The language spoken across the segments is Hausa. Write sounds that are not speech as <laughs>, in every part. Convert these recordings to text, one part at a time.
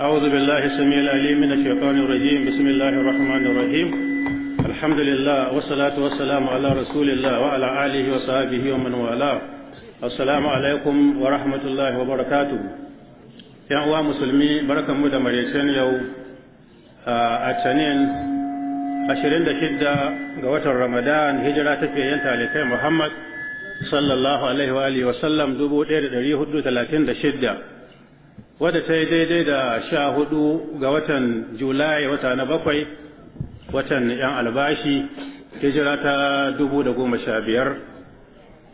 أعوذ بالله السميع العليم من الشيطان الرجيم بسم الله الرحمن الرحيم الحمد لله والصلاة والسلام على رسول الله وعلى آله وصحبه ومن والاه السلام عليكم ورحمة الله وبركاته يا أخوة مسلمي بركة مدى مريسين يو أتنين أشرين دشدة قوة رمضان هجرة تفيين تالي محمد صلى الله عليه وآله وسلم دبو إير دريه دو ثلاثين دشدة wadda ta yi daidai da sha hudu ga watan julai wata na bakwai watan yan albashi hijira ta dubu da goma sha biyar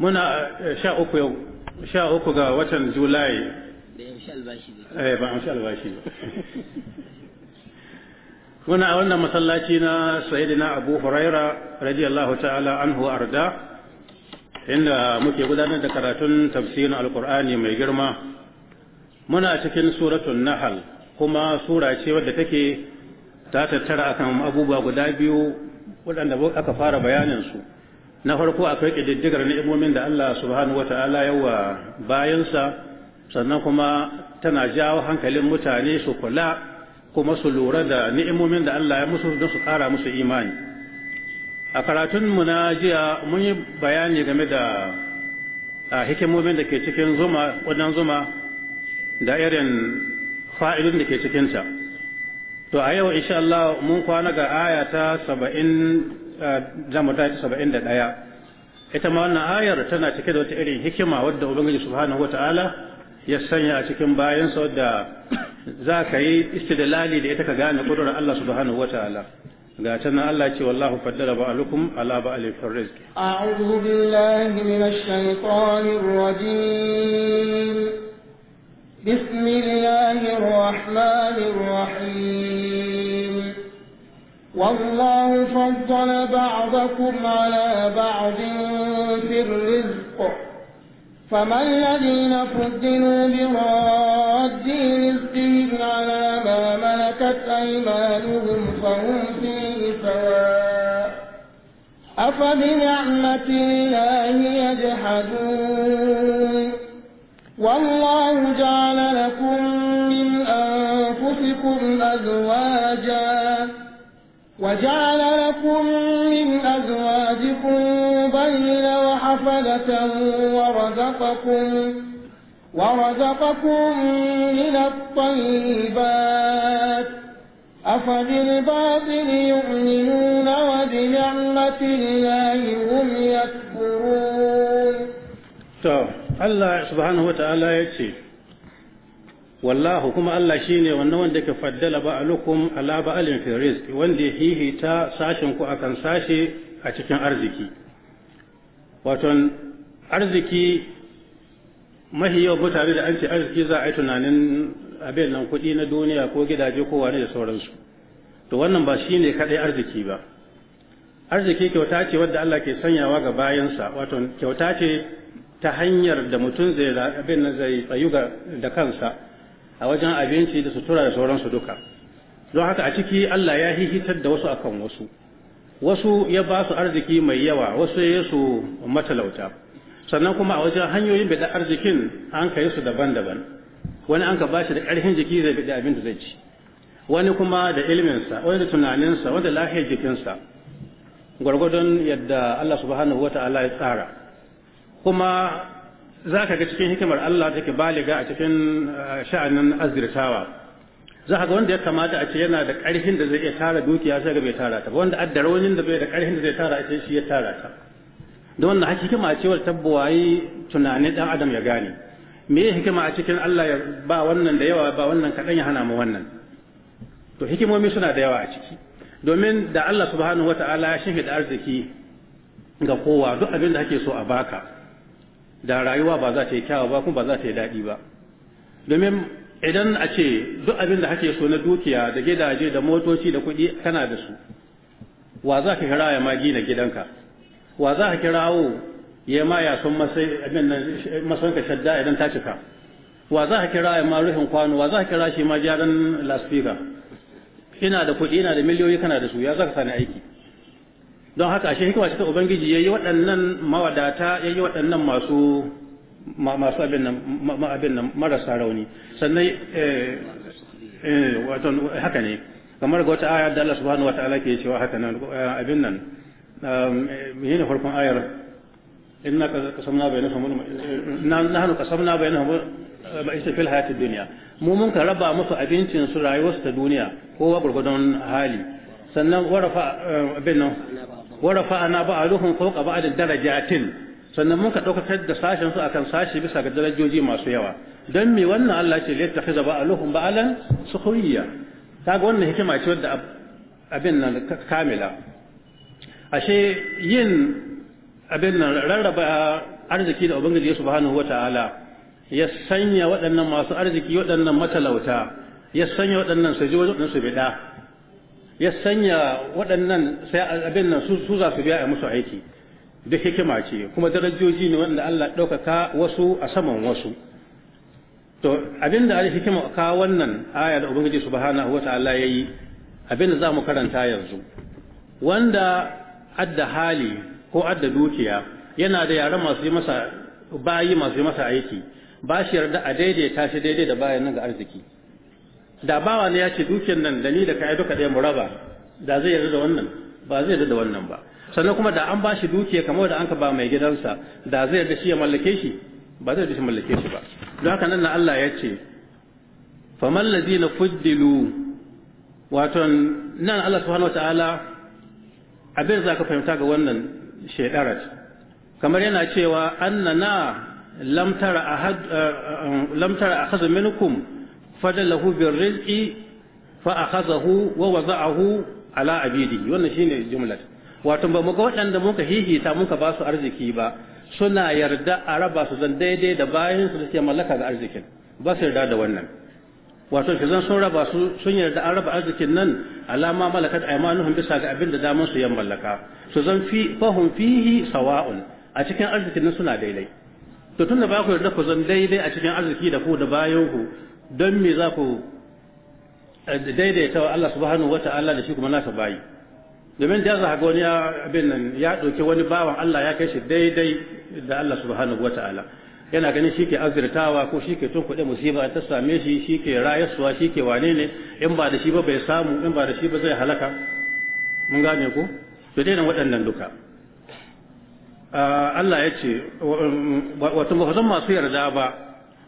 muna eh, sha uku ga watan julai eh, ba a albashi muna a wannan masallaci na na abu huraira radiyallahu ta'ala anhu arda inda muke gudanar da karatun tafsirin alkur'ani mai girma muna cikin suratul nahal kuma sura ce wadda take ta tattara akan abubuwa guda biyu waɗanda aka fara bayanin su na farko akwai ƙididdigar ni'imomin da Allah subhanahu wata'ala yawa bayansa sannan kuma tana jawo hankalin mutane su kula kuma su lura da ni'imomin da Allah ya musu don su ƙara musu imani a karatun mu na jiya mun yi bayani game da hikimomin da ke cikin zuma wannan zuma da irin fa'idun da ke cikinta to a yau insha Allah mun kwana ga aya ta saba'in zamu ta saba'in da ɗaya ita ma wannan ayar tana cike da wata irin hikima wadda ubangiji subhanahu wa ta'ala ya sanya a cikin bayansa wadda <coughs> za ka yi istidlali da ita ka gane kudurar Allah subhanahu wa ta'ala ga can Allah ce wallahu faddala alukum ala alifin rizki. a'udhu billahi minash shaitanir rajim بسم الله الرحمن الرحيم والله فضل بعضكم على بعض في الرزق فما الذين فضلوا براد رزقهم على ما ملكت أيمانهم فهم فيه سواء أفبنعمة الله يجحدون والله جعل لكم من أنفسكم أزواجا وجعل لكم من أزواجكم بين وحفلة ورزقكم ورزقكم من الطيبات أفبالباطل يؤمنون وبنعمة الله هم يكفرون طيب. Allah subhanahu wata'ala ya ce wallahu kuma Allah shine wannan wanda ke faddala ba'alukum ala ba alin wanda ya hihita sashen ku akan sashe a cikin arziki waton arziki mahi yau mutane da an ce arziki za a yi tunanin abin nan kuɗi na duniya ko gidaje ko wani da sauransu to wannan ba shi ne kaɗai arziki ba arziki kyauta ce wadda Allah ke sanyawa ga bayansa wato kyauta ce ta hanyar da mutum zai abin nan zai tsayu da kansa a wajen abinci da sutura da sauransu duka don haka a ciki Allah ya hihitar da wasu akan wasu wasu ya ba su arziki mai yawa wasu ya su matalauta sannan kuma a wajen hanyoyin bada arzikin an kai su daban-daban wani an ka ba shi da ƙarfin jiki zai bada abin da zai ci wani kuma da ilminsa wani da tunaninsa wani da lahiyar jikinsa gwargwadon yadda Allah subhanahu wa ta'ala ya tsara kuma za ka ga cikin hikimar Allah take baliga a cikin eh, sha'anin azirtawa za ka ga wanda ya kamata a ce yana da ƙarfin da zai iya tara dukiya sai ga bai tara ta wanda adda raunin da bai da ƙarfin da zai tara ita shi ya tara ta don wannan hikima a cewar tabbawayi tunanin dan adam ya gane me ya hikima a cikin Allah ya ba wannan da yawa ba wannan kaɗan ya hana mu wannan to hikimomi suna da yawa a ciki domin da Allah subhanahu wata'ala ya shafi da arziki ga kowa duk abin da ake so a baka da rayuwa ba za ta yi kyawa ba kuma ba za ta yi daɗi ba domin idan a ce duk abin da kake so na dukiya da gidaje da motoci da kuɗi kana da su wa za ka kira ya ma gina gidanka wa za ka kirawo ya ma ya son masanka shadda idan ta cika wa za ka kira ya ma ruhin kwano wa za ka kira shi ma jaran laspika ina da kuɗi ina da miliyoyi kana da su ya za ka sani aiki don haka shi hikima ce ta ubangiji yayi waɗannan mawadata yayi waɗannan masu masu abin nan ma abin nan marasa rauni sannan eh, eh, wato haka ne kamar ga wata aya da Allah subhanahu wataala ke cewa haka nan eh, abin nan um, menene farkon ayar inna qasamna bainahum nahnu qasamna bainahum ba'isa fil hayatid dunya mu mun ka raba musu abincin su rayuwarsu ta duniya kowa gurgudun hali sannan warafa abin nan wa rafa'ana ba'aluhum fawqa ba'd darajatin sannan muka daukakar da sashen su akan sashi bisa ga darajoji masu yawa don me wannan Allah ce la takhiza ba'aluhum ba'alan sukhriya kaga wannan hikima ce wadda abin nan kamila ashe yin abin nan rarraba arziki da ubangiji wa ta'ala ya sanya waɗannan masu arziki waɗannan matalauta ya sanya waɗannan su ji waɗannan su bida ya sanya waɗannan sai abin nan su za su biya a musu aiki da hikima ce kuma darajoji ne wanda Allah ɗaukaka wasu a saman wasu to abin da hikima ka wannan aya da ubangiji subhanahu wa ya yi, abin da za mu karanta yanzu wanda adda hali ko adda dukiya yana da yaren masu yi masa bayi masu yi masa aiki ba shi yarda a daidaita shi daidai da bayan nan ga arziki da bawa ne ya ce dukiyar nan da ni da kai duka ɗaya mu raba da zai yarda da wannan ba zai yarda da wannan ba sannan kuma da an ba shi dukiya kamar da an ka ba mai gidansa da zai yarda shi ya mallake shi ba zai yarda shi mallake shi ba don haka nan na Allah ya ce faman ladina fuddilu waton nan Allah subhanahu wataala abin za ka fahimta ga wannan shedarat kamar yana cewa annana lam tara ahad eh, eh, lam tara ahad minkum fadalahu bir rizqi fa akhadhahu wa wada'ahu ala abidi wannan shine jumlar wato ba mu ga waɗanda muka hihita muka ba su arziki ba suna yarda a raba su zan daidai da bayan su suke mallaka ga arzikin ba su yarda da wannan wato shi zan sun raba su sun yarda an raba arzikin nan alama malakat aymanuhum bisa ga abin da daman su yan mallaka su zan fi fahum fihi sawa'un a cikin arzikin nan suna daidai to tunda ba ku yarda ku zan daidai a cikin arziki da ku da bayan ku don me za ku daidaita wa Allah subhanahu wa ta'ala da shi kuma nasa bayi domin da za ga wani abin nan ya ɗauki wani bawan Allah ya kai shi daidai da Allah subhanahu wa ta'ala yana ganin shi ke azirtawa ko shi ke tun kuɗe musiba ta same shi shi ke rayaswa shi ke wane ne in ba da shi ba bai samu in ba da shi ba zai halaka mun gane ku to dai nan waɗannan duka Allah ya ce wato ba masu yarda ba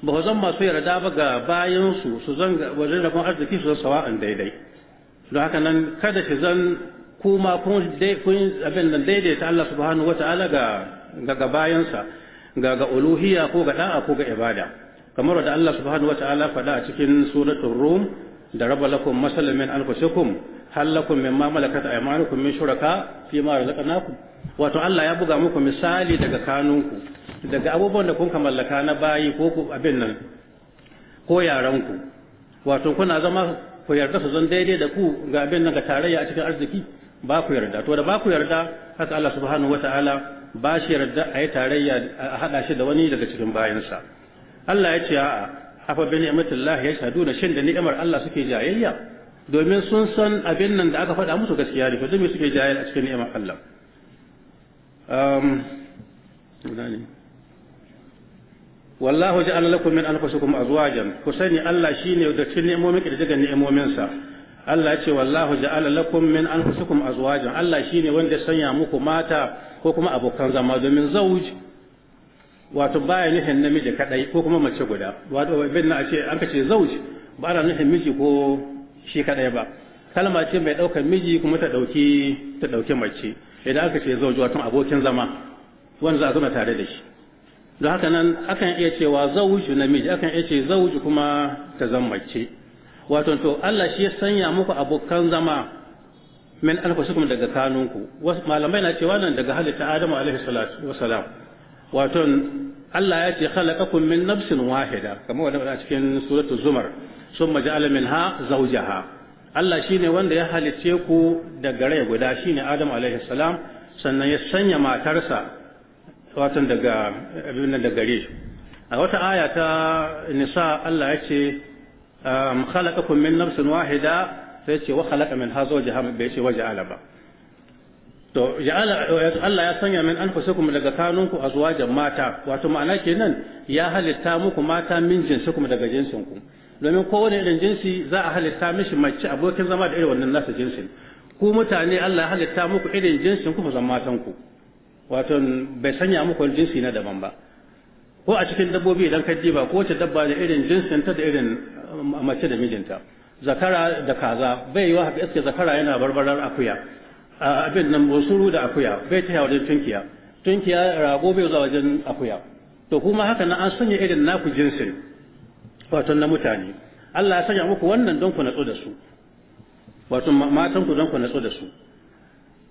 ba ku zan masu yarda ba ga bayansu su zan wajen rabon arziki su zan sawa'an daidai don haka nan kada shi zan kuma kun abin nan daidaita Allah subhanahu wata'ala ga ga bayansa ga ga uluhiyya ko ga da'a ko ga ibada kamar da Allah subhanahu ta'ala faɗa a cikin suratul rum da raba lakum masalan min anfusikum hal lakum mimma malakat aymanukum min shuraka fi ma razaqnakum wato Allah ya buga muku misali daga kanunku daga abubuwan da kun ka mallaka na bayi ko ku abin nan ko yaranku wato kuna zama ku yarda su zan daidai da ku ga abin nan ga tarayya a cikin arziki ba ku yarda to da ba ku yarda haka Allah subhanahu wataala ba shi yarda a yi tarayya a haɗa shi da wani daga cikin bayansa Allah ya ce a'a afa bi ni'matillah da shin da ni'imar Allah suke jayayya domin sun san abin nan da aka faɗa musu gaskiya ne to domin suke jayayya a cikin ni'imar Allah um wallahu an lakum min anfusikum azwajan ku sani Allah shine da cikin ni'imomin ki da daga ni'imomin sa Allah ya ce wallahu an lakum min anfusikum azwajan Allah shine wanda sanya muku mata ko kuma abokan zama domin zauji wato baya nufin namiji kadai ko kuma mace guda wato bin a ce an kace zauji ba ana nufin miji ko shi kadai ba kalma ce mai daukar miji kuma ta dauki ta dauki mace idan aka ce zauji wato abokin zama wanda za a zama tare da shi don haka nan akan iya cewa zawuju namiji akan iya ce zawuju kuma ta zammace wato to Allah shi ya sanya muku abokan zama min alfasukum daga kanunku wasu malamai na cewa nan daga halitta Adamu alaihi salatu wasalam wato Allah ya ce khalaqakum min nafsin wahida kamar wanda a cikin suratul zumar summa ja'ala minha zawjaha Allah shine wanda ya halicce ku daga rai guda shine Adamu alaihi salam sannan ya sanya matarsa watan daga abin nan da gare shi a wata aya ta nisa Allah ya ce khalaqakum min nafsin wahida sai ce wa khalaqa min hazo jahannam bai ce waje alaba to ya Allah ya sanya min anfusakum daga kanunku azwajan mata wato ma'ana kenan ya halitta muku mata min jinsukum daga jinsinku domin kowane irin jinsi za a halitta mishi mace abokin zama da irin wannan nasa jinsin ku mutane Allah ya halitta muku irin jinsin ku fa zan matanku ku wato bai sanya muku jinsi na daban ba ko a cikin dabbobi idan ka ba ko wace dabba da irin jinsin ta da irin um, mace da mijinta zakara da kaza bai yiwa haka iske zakara yana barbarar akuya abin nan bosuru da akuya bai ta wajen tunkiya tunkiya rago bai zuwa wajen akuya to kuma haka na an sanya irin naku jinsin wato na mutane Allah ya sanya muku wannan don ku natsu da su wato matan ku don ku natsu da su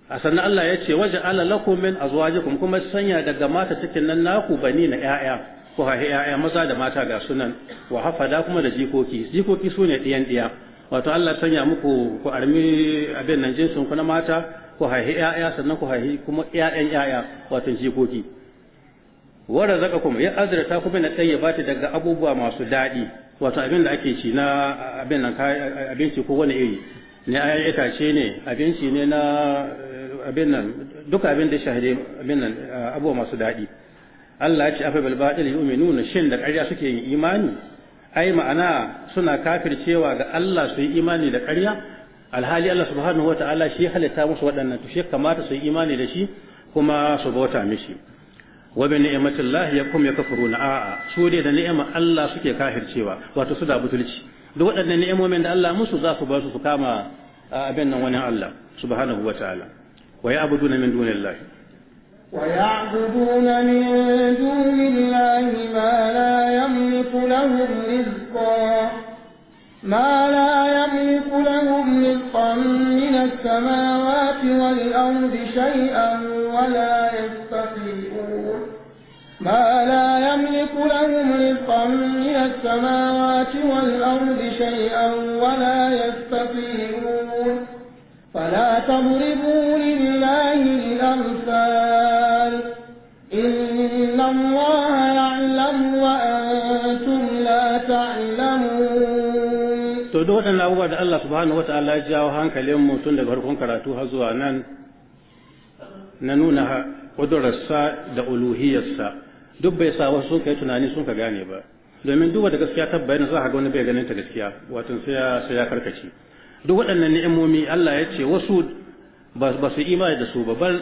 a sannan Allah ya ce waje ala lakum min azwajikum kuma sanya daga mata cikin nan naku bani na ƴaƴa ko ha ƴaƴa maza da mata ga sunan wa hafada kuma da jikoki jikoki su ne ɗiyan ɗiya wato Allah sanya muku ku armi abin nan jinsin ku na mata ku haihi ƴaƴa sannan ku haihi kuma ƴaƴan ƴaƴa wato jikoki wa razaqakum ya azrata ku bin tayyibati daga abubuwa masu daɗi wato abin da ake ci na abin nan abinci ko wani iri ne ayan itace ne abinci ne na eh, abin nan duka abin da shahade abin nan eh, abuwa masu daɗi Allah ya ce afa bil batil na shin da ƙarya suke yin imani ai ma'ana suna kafircewa ga Allah su yi imani da ƙarya alhali Allah subhanahu wataala shi halitta musu waɗannan to shi kamata su yi imani da shi kuma su bauta mishi wa bi ni'matillahi yakum yakfuruna a'a su dai da niima Allah suke kafircewa wato su da butulci duk waɗannan ni'imomin da Allah musu za su ba su su kama abin nan wani Allah subhanahu wa ta'ala wa ya'buduna min dunillahi wa ya'buduna min dunillahi ma la yamliku lahum rizqan ما لا يملك لهم رزقا من السماوات والأرض شيئا ولا يستطيعون ما لا يملك لهم رزقا من السماوات والأرض شيئا ولا يستطيعون فلا تضربوا لله الأمثال إن الله يعلم وأنتم لا تعلمون تدوحنا أبوات الله سبحانه وتعالى جاءوا هانك اليوم موتون لبركون كراتوها زوانان ننونها قدر دا ألوهي duk bai sa wasu sun kai tunani sun ka gane ba domin duk wata gaskiya ta bayana za ka ga wani bai ganin ta gaskiya wato sai ya sai ya karkace duk waɗannan ni'imomi Allah ya ce wasu ba su imani da su ba bal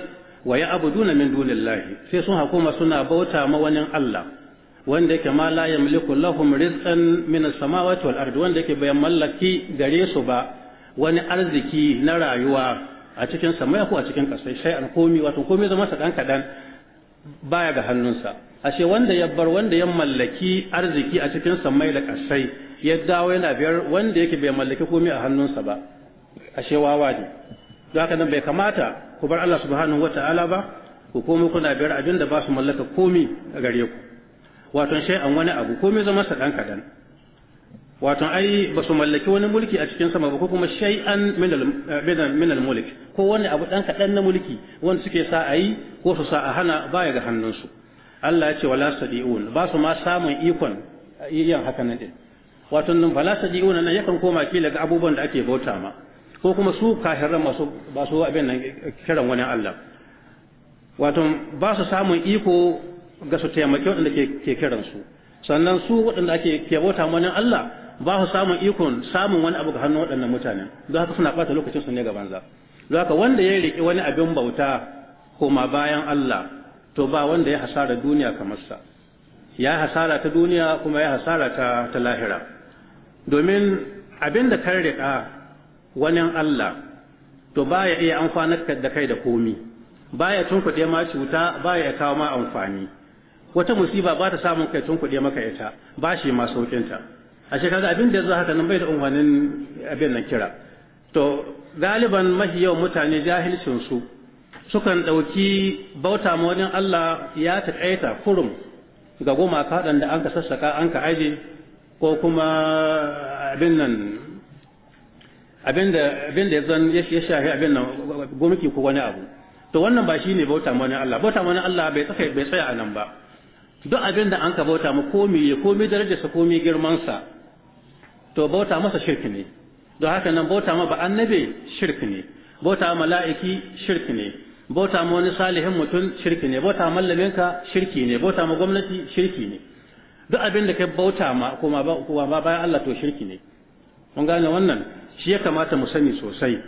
wa abuduna min dunillahi sai sun hakuma suna bauta ma wani Allah wanda yake ma la yamliku lahum rizqan min as-samawati wal ardi wanda yake bai mallaki gare su ba wani arziki na rayuwa a cikin samaya ko a cikin kasai shay'an komi wato komai zama sa dan kadan baya ga hannunsa ashe wanda ya bar wanda ya mallaki arziki a cikin mai da ƙasai ya dawo yana biyar wanda yake bai mallaki komai a hannunsa ba ashe wawa ne don haka nan bai kamata ku bar Allah subhanahu wata'ala ba ku komai kuna biyar abin ba su mallaka komai a gare ku wato shay an wani abu komai zama sa dan wato ai ba su mallaki wani mulki a cikin sama ba ko kuma shay'an min al mulki ko wani abu ɗan kaɗan na mulki wanda suke sa ayi ko su sa a hana baya ga hannunsu Allah ya ce wala sadiun ba su ma samun ikon eh, yin haka nan din wato nan wala sadiun nan yakan koma kila ga abubuwan da ake bauta ma ko kuma su kafiran masu ba su abin nan kiran wani Allah wato ba su samun iko ga su taimake wanda ke kiran su sannan su waɗanda ake ke bauta wani Allah ba su samun ikon samun wani abu ga hannun waɗannan mutanen don haka suna ɓata lokacin su ne ga banza don haka wanda ya riƙe wani abin bauta koma bayan Allah to ba wanda ya hasara duniya kamar sa ya hasara ta duniya kuma ya hasara ta ta lahira domin abin da kan riƙa wani Allah to ba ya iya amfanar da kai da komi baya tunkuɗe ma cuta baya kawo ma amfani wata musiba ba ta samun kai tunkuɗe maka ita ba shi ma saukinta a shekarar abin da ya haka nan bai da umarnin abin nan kira to galiban mahi yawan mutane jahilcin su sukan ɗauki bauta ma wani Allah ya taƙaita kurum ga gumaka da an ka sassaka an ka aje ko kuma abin nan abin da ya zan ya shafi abin nan gumki ko wani abu to wannan ba shi ne bauta ma wani Allah bauta ma wani Allah bai tsaya bai tsaya a nan ba duk abin da an ka bauta ma komi ya komi darajarsa komi girmansa to bauta masa shirki ne don haka nan bauta ma ba annabi shirki ne bauta mala'iki shirki ne bauta ma wani salihin mutum shirki ne bauta mallaminka ka shirki ne bauta ma gwamnati shirki ne duk abin da kai bauta ma kuma ba kuma ba bayan Allah to shirki ne mun gane wannan shi ya kamata mu sani sosai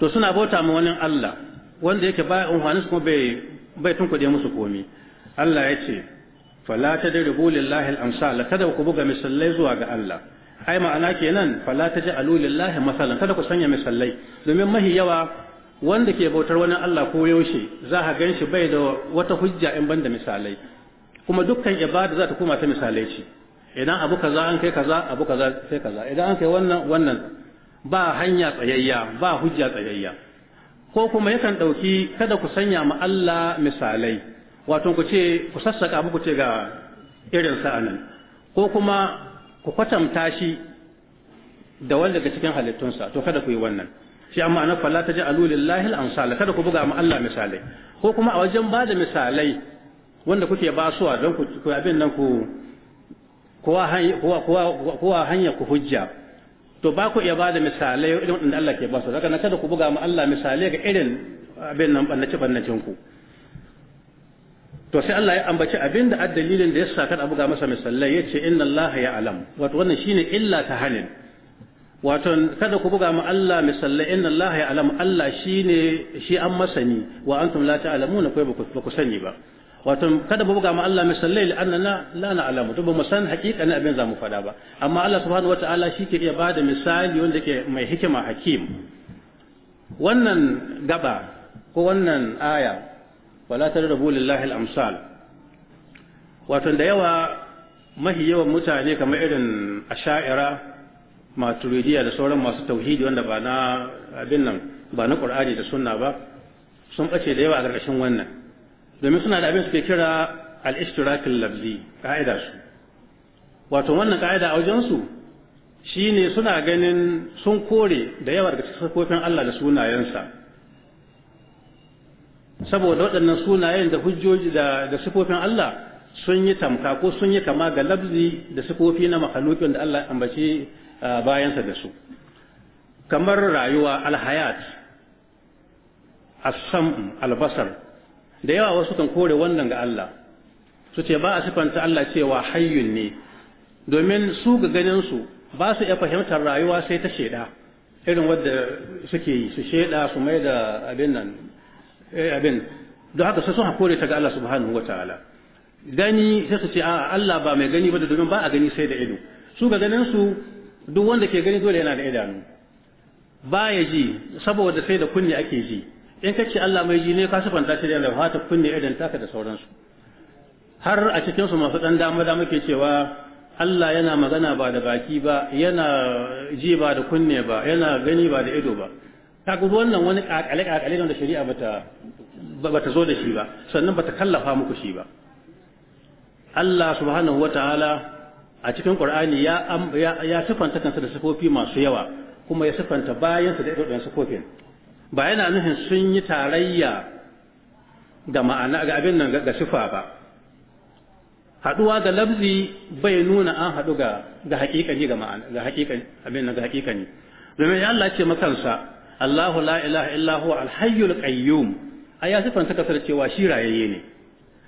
to suna bauta ma wani Allah wanda yake baya umhanis kuma bai bai tunkuɗe musu komi Allah ya ce fala tadribu lillahi al-amsal kada ku buga misallai zuwa ga Allah ai ma'ana kenan fala taj'alu lillahi masalan kada ku sanya misallai domin mahi yawa wanda ke bautar wani Allah ko yaushe za a gan shi bai da wata hujja in banda misalai kuma dukkan ibada za ta koma ta misalai ce idan abu kaza an kai kaza abu kaza sai kaza idan an kai wannan wannan ba hanya tsayayya ba hujja tsayayya ko kuma yakan ɗauki kada ku sanya ma Allah misalai wato ku ce ku sassaka muku ce ga irin anan ko kuma ku kwatamta shi da wanda daga cikin halittunsa to kada ku yi wannan shi amma ana falla ta ji alulillahi al-amsal kada ku buga ma Allah misalai ko kuma a wajen ba da misalai wanda kuke ba suwa don ku abin nan ku kowa hanya ku hujja to ba ku iya ba da misalai irin waɗanda Allah ke ba su daga kada ku buga ma Allah misalai ga irin abin nan ɓannace ɓannacen ku to sai Allah ya ambaci abin da addalilin da ya sa kada buga masa misalai ya ce inna Allah ya alam wato wannan shine illa ta hanin waton kada ku buga mu Allah misallai inna Allah ya alamu Allah shine shi an masani wa antum la na kai ba ku sani ba waton kada mu buga mu Allah misallai li annana la na'lamu to ba mu san hakikanin abin za mu faɗa ba amma Allah subhanahu wata'ala shi ke iya bada misali wanda ke mai hikima hakim wannan gaba ko wannan aya wala tadrubu lillahi al-amsal waton da yawa mahi yawan mutane kamar irin asha'ira maturidiya da sauran masu tauhidi wanda ba na abin nan ba na qur'ani da sunna ba sun bace da yawa a ƙarƙashin wannan domin suna da abin suke kira al-ishtirak al-lafzi ka'ida su wato wannan ka'ida a wajen su shine suna ganin sun kore da yawa daga cikin Allah da sunayensa saboda waɗannan sunayen da hujjoji da da Allah sun yi tamka ko sun yi kama ga lafzi da sifofi na makhluqin da Allah ambaci. bayansa da su kamar rayuwa alhayat assam albasar da yawa wasu kan kore wannan ga Allah su ce ba a sifanta Allah cewa hayyun ne domin su ga ganinsu ba su iya fahimtar rayuwa sai ta sheda irin wadda suke yi su sheda su mai da abin nan eh, abin don haka sai sun hakore ta ga Allah subhanahu wataala gani sai su ce Allah ba mai gani ba da domin ba a gani sai da ido su ga ganin su duk wanda ke gani dole yana da idanu ba ya ji saboda sai da kunne ake ji in kace Allah mai ji ne ka sifanta shi da Allah hata kunne idan taka da sauransu har a cikin su masu dan dama da muke cewa Allah yana magana ba da baki ba yana ji ba da kunne ba yana gani ba da ido ba kaga wannan wani kakale kakale da shari'a bata bata zo da shi ba sannan bata kallafa muku shi ba Allah subhanahu wataala a cikin qur'ani ya ya sifanta kansa da sifofi masu yawa kuma ya sifanta bayansa da irin sifofin ba yana nufin sun yi tarayya ga ma'ana ga abin nan ga sifa ba haduwa ga lafzi bai nuna an hadu ga ga hakikani ga ma'ana ga hakikani abin nan ga hakikani domin Allah ce makansa Allahu la ilaha illa huwa al-hayyul qayyum ai ya kasar cewa shi rayayye ne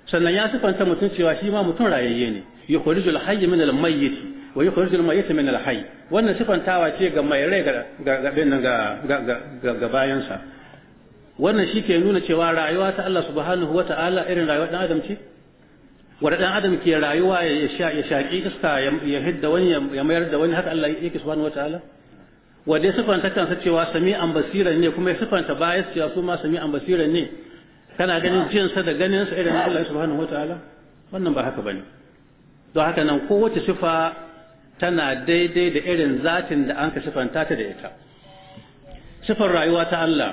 sannan ya sifanta mutum cewa shi ma mutum rayayye ne yukhrijul hayy min al-mayyit wa yukhrijul mayyit min al-hayy wannan sifantawa ce ga mai rai ga ga ga bayansa wannan shi ke nuna cewa rayuwa ta Allah subhanahu wata'ala irin rayuwar dan adam ce wanda dan adam ke rayuwa ya sha ya shaki iska ya hidda wani ya mayar da wani haka Allah yake subhanahu wata'ala wanda ya sifanta kansa cewa sami'an basiran ne kuma ya sifanta bayan cewa su ma sami'an basiran ne kana ganin jinsa da ganin sa irin Allah subhanahu wata'ala wannan ba haka bane don haka nan kowace sifa tana daidai da irin zatin da an ka sifanta ta da ita sifar rayuwa ta Allah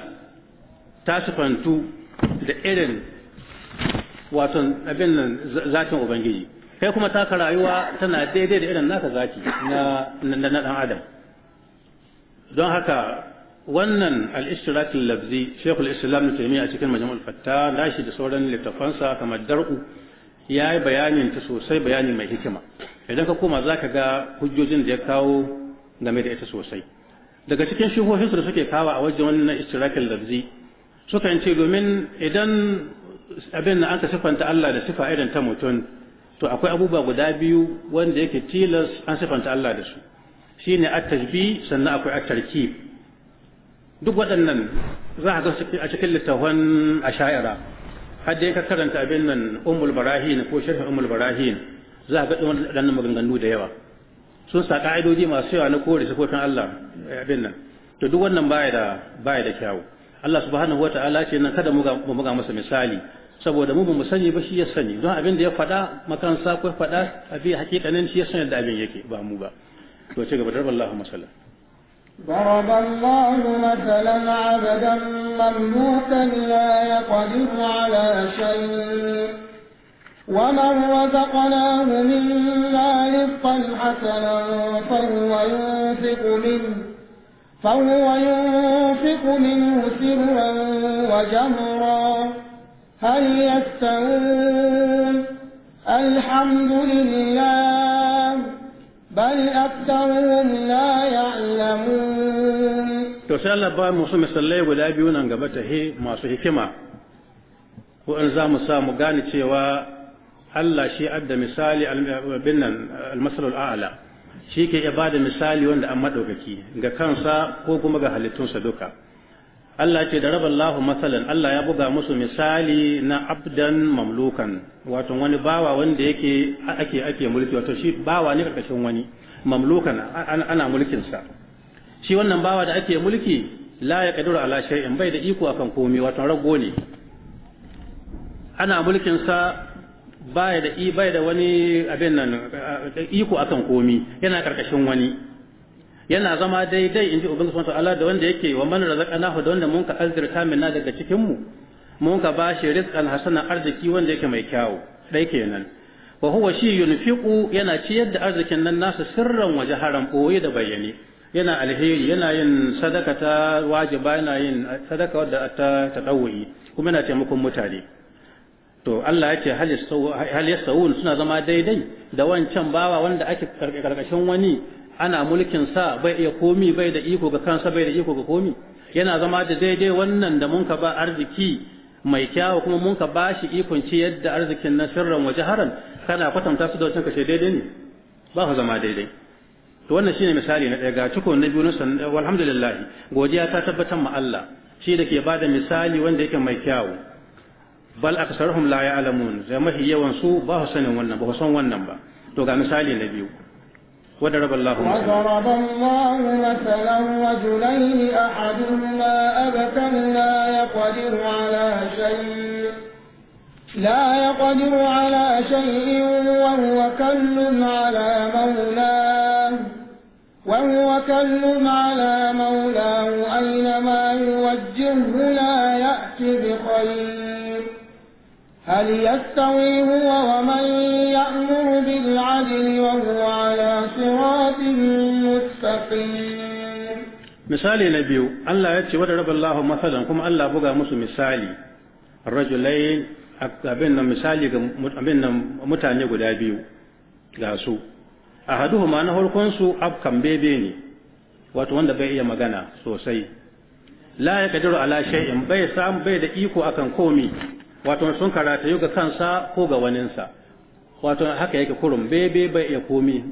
ta sifantu da irin wato abin nan zatin ubangiji kai kuma taka rayuwa tana daidai da irin naka zaki na na dan adam don haka wannan al-ishtirak al-lafzi Sheikhul Islam Taymiyyah a cikin Majmu'ul Fattah shi da sauran littafansa kamar Dar'u ya yi bayanin ta sosai bayani mai hikima idan ka koma za ka ga hujjojin da ya kawo game da ita sosai daga cikin shuhohinsu da suke kawo a wajen wannan istirakin lafzi sukan ce domin idan abin na aka siffanta Allah da sifa irin ta mutum to akwai abubuwa guda biyu wanda yake tilas an siffanta Allah da su shine ne tashbih sannan akwai at duk waɗannan za a ga a cikin littafan sha'ira har ya ka karanta abin nan ummul barahin ko sharh ummul barahin za ka ga wadannan maganganu da yawa sun sa ka'idoji masu yawa na kore sifofin Allah eh, abin nan to duk wannan baya da baya da kyawu Allah subhanahu wataala ce nan kada mu ga masa misali saboda mu mu sani ba shi ya sani don abin da ya faɗa makaranta ko faɗa abi hakikanin shi ya sani da abin yake ba mu ba to ci gaba da Allahu masala. ضرب الله مثلا عبدا مملوكا لا يقدر على شيء ومن رزقناه منا رزقا حسنا فهو ينفق منه فهو ينفق منه سرا وجهرا هل يستوون الحمد لله بل أكثرهم لا يعلمون to sai Allah ba mu su guda biyu nan gaba ta he masu hikima ko in za mu sa mu gane cewa Allah shi adda misali bin nan almasalul a'la shi ke ya bada misali wanda an madaukaki ga kansa ko kuma ga halittunsa duka Allah ce da raballahu masalan Allah ya buga musu misali na abdan mamlukan wato wani bawa wanda yake ake ake mulki wato shi bawa ne karkashin wani mamlukan ana mulkin sa shi wannan bawa da ake mulki la ya kadura ala shay'in bai da iko akan komai wato rago ne ana mulkin sa bai da i bai da wani abin nan iko akan komai yana karkashin wani yana zama daidai inji ubangiji subhanahu ta'ala da wanda yake wa man razaqnahu da wanda mun ka azirta minna daga cikin mu mun ka bashi rizqan hasana arziki wanda yake mai kyau dai kenan wa huwa shi yunfiqu yana ciyar da arzikin nan nasa sirran waje haram boye da bayyane yana alheri yana yin sadaka ta wajiba yana yin sadaka wadda ta tadawwi kuma yana taimakon mutane to Allah ya ce hal yasawun suna zama daidai da wancan bawa wanda ake karkashin wani ana mulkin sa bai iya komi bai da iko ga kansa bai da iko ga komi yana zama da daidai wannan da mun ka ba arziki mai kyawu kuma mun ka ba shi ikon ci yadda arzikin na sirran waje haran kana kwatanta su da wancan ka ce daidai ne ba ka zama daidai to wannan shine misali na ɗaya ga cikon na biyu na alhamdulillah godiya ta tabbatar ma Allah shi da ke ba da misali wanda yake mai kyawu bal aksaruhum la ya'lamun zai mafi yawan su ba su sanin wannan ba su san wannan ba to ga misali na biyu وضرب الله مثلا رجلين أحدهما أبكم لا يقدر على شيء لا يقدر على شيء وهو كل على مولاه وهو كل على مولاه أينما يوجهه لا يأتي بخير هل يستوي هو ومن يأمر بالعدل وهو على صراط مستقيم misali na biyu Allah ya ce wa rabar lahu masalan kuma Allah buga musu misali rajulai abin nan misali ga abin nan mutane guda biyu ga su a haduhu ma na harkon su afkan bebe ne wato wanda bai iya magana sosai la ya kadiru ala shay'in bai samu bai da iko akan komi wato sun karata yi ga kansa ko ga waninsa wato haka yake kurum bebe bai iya komi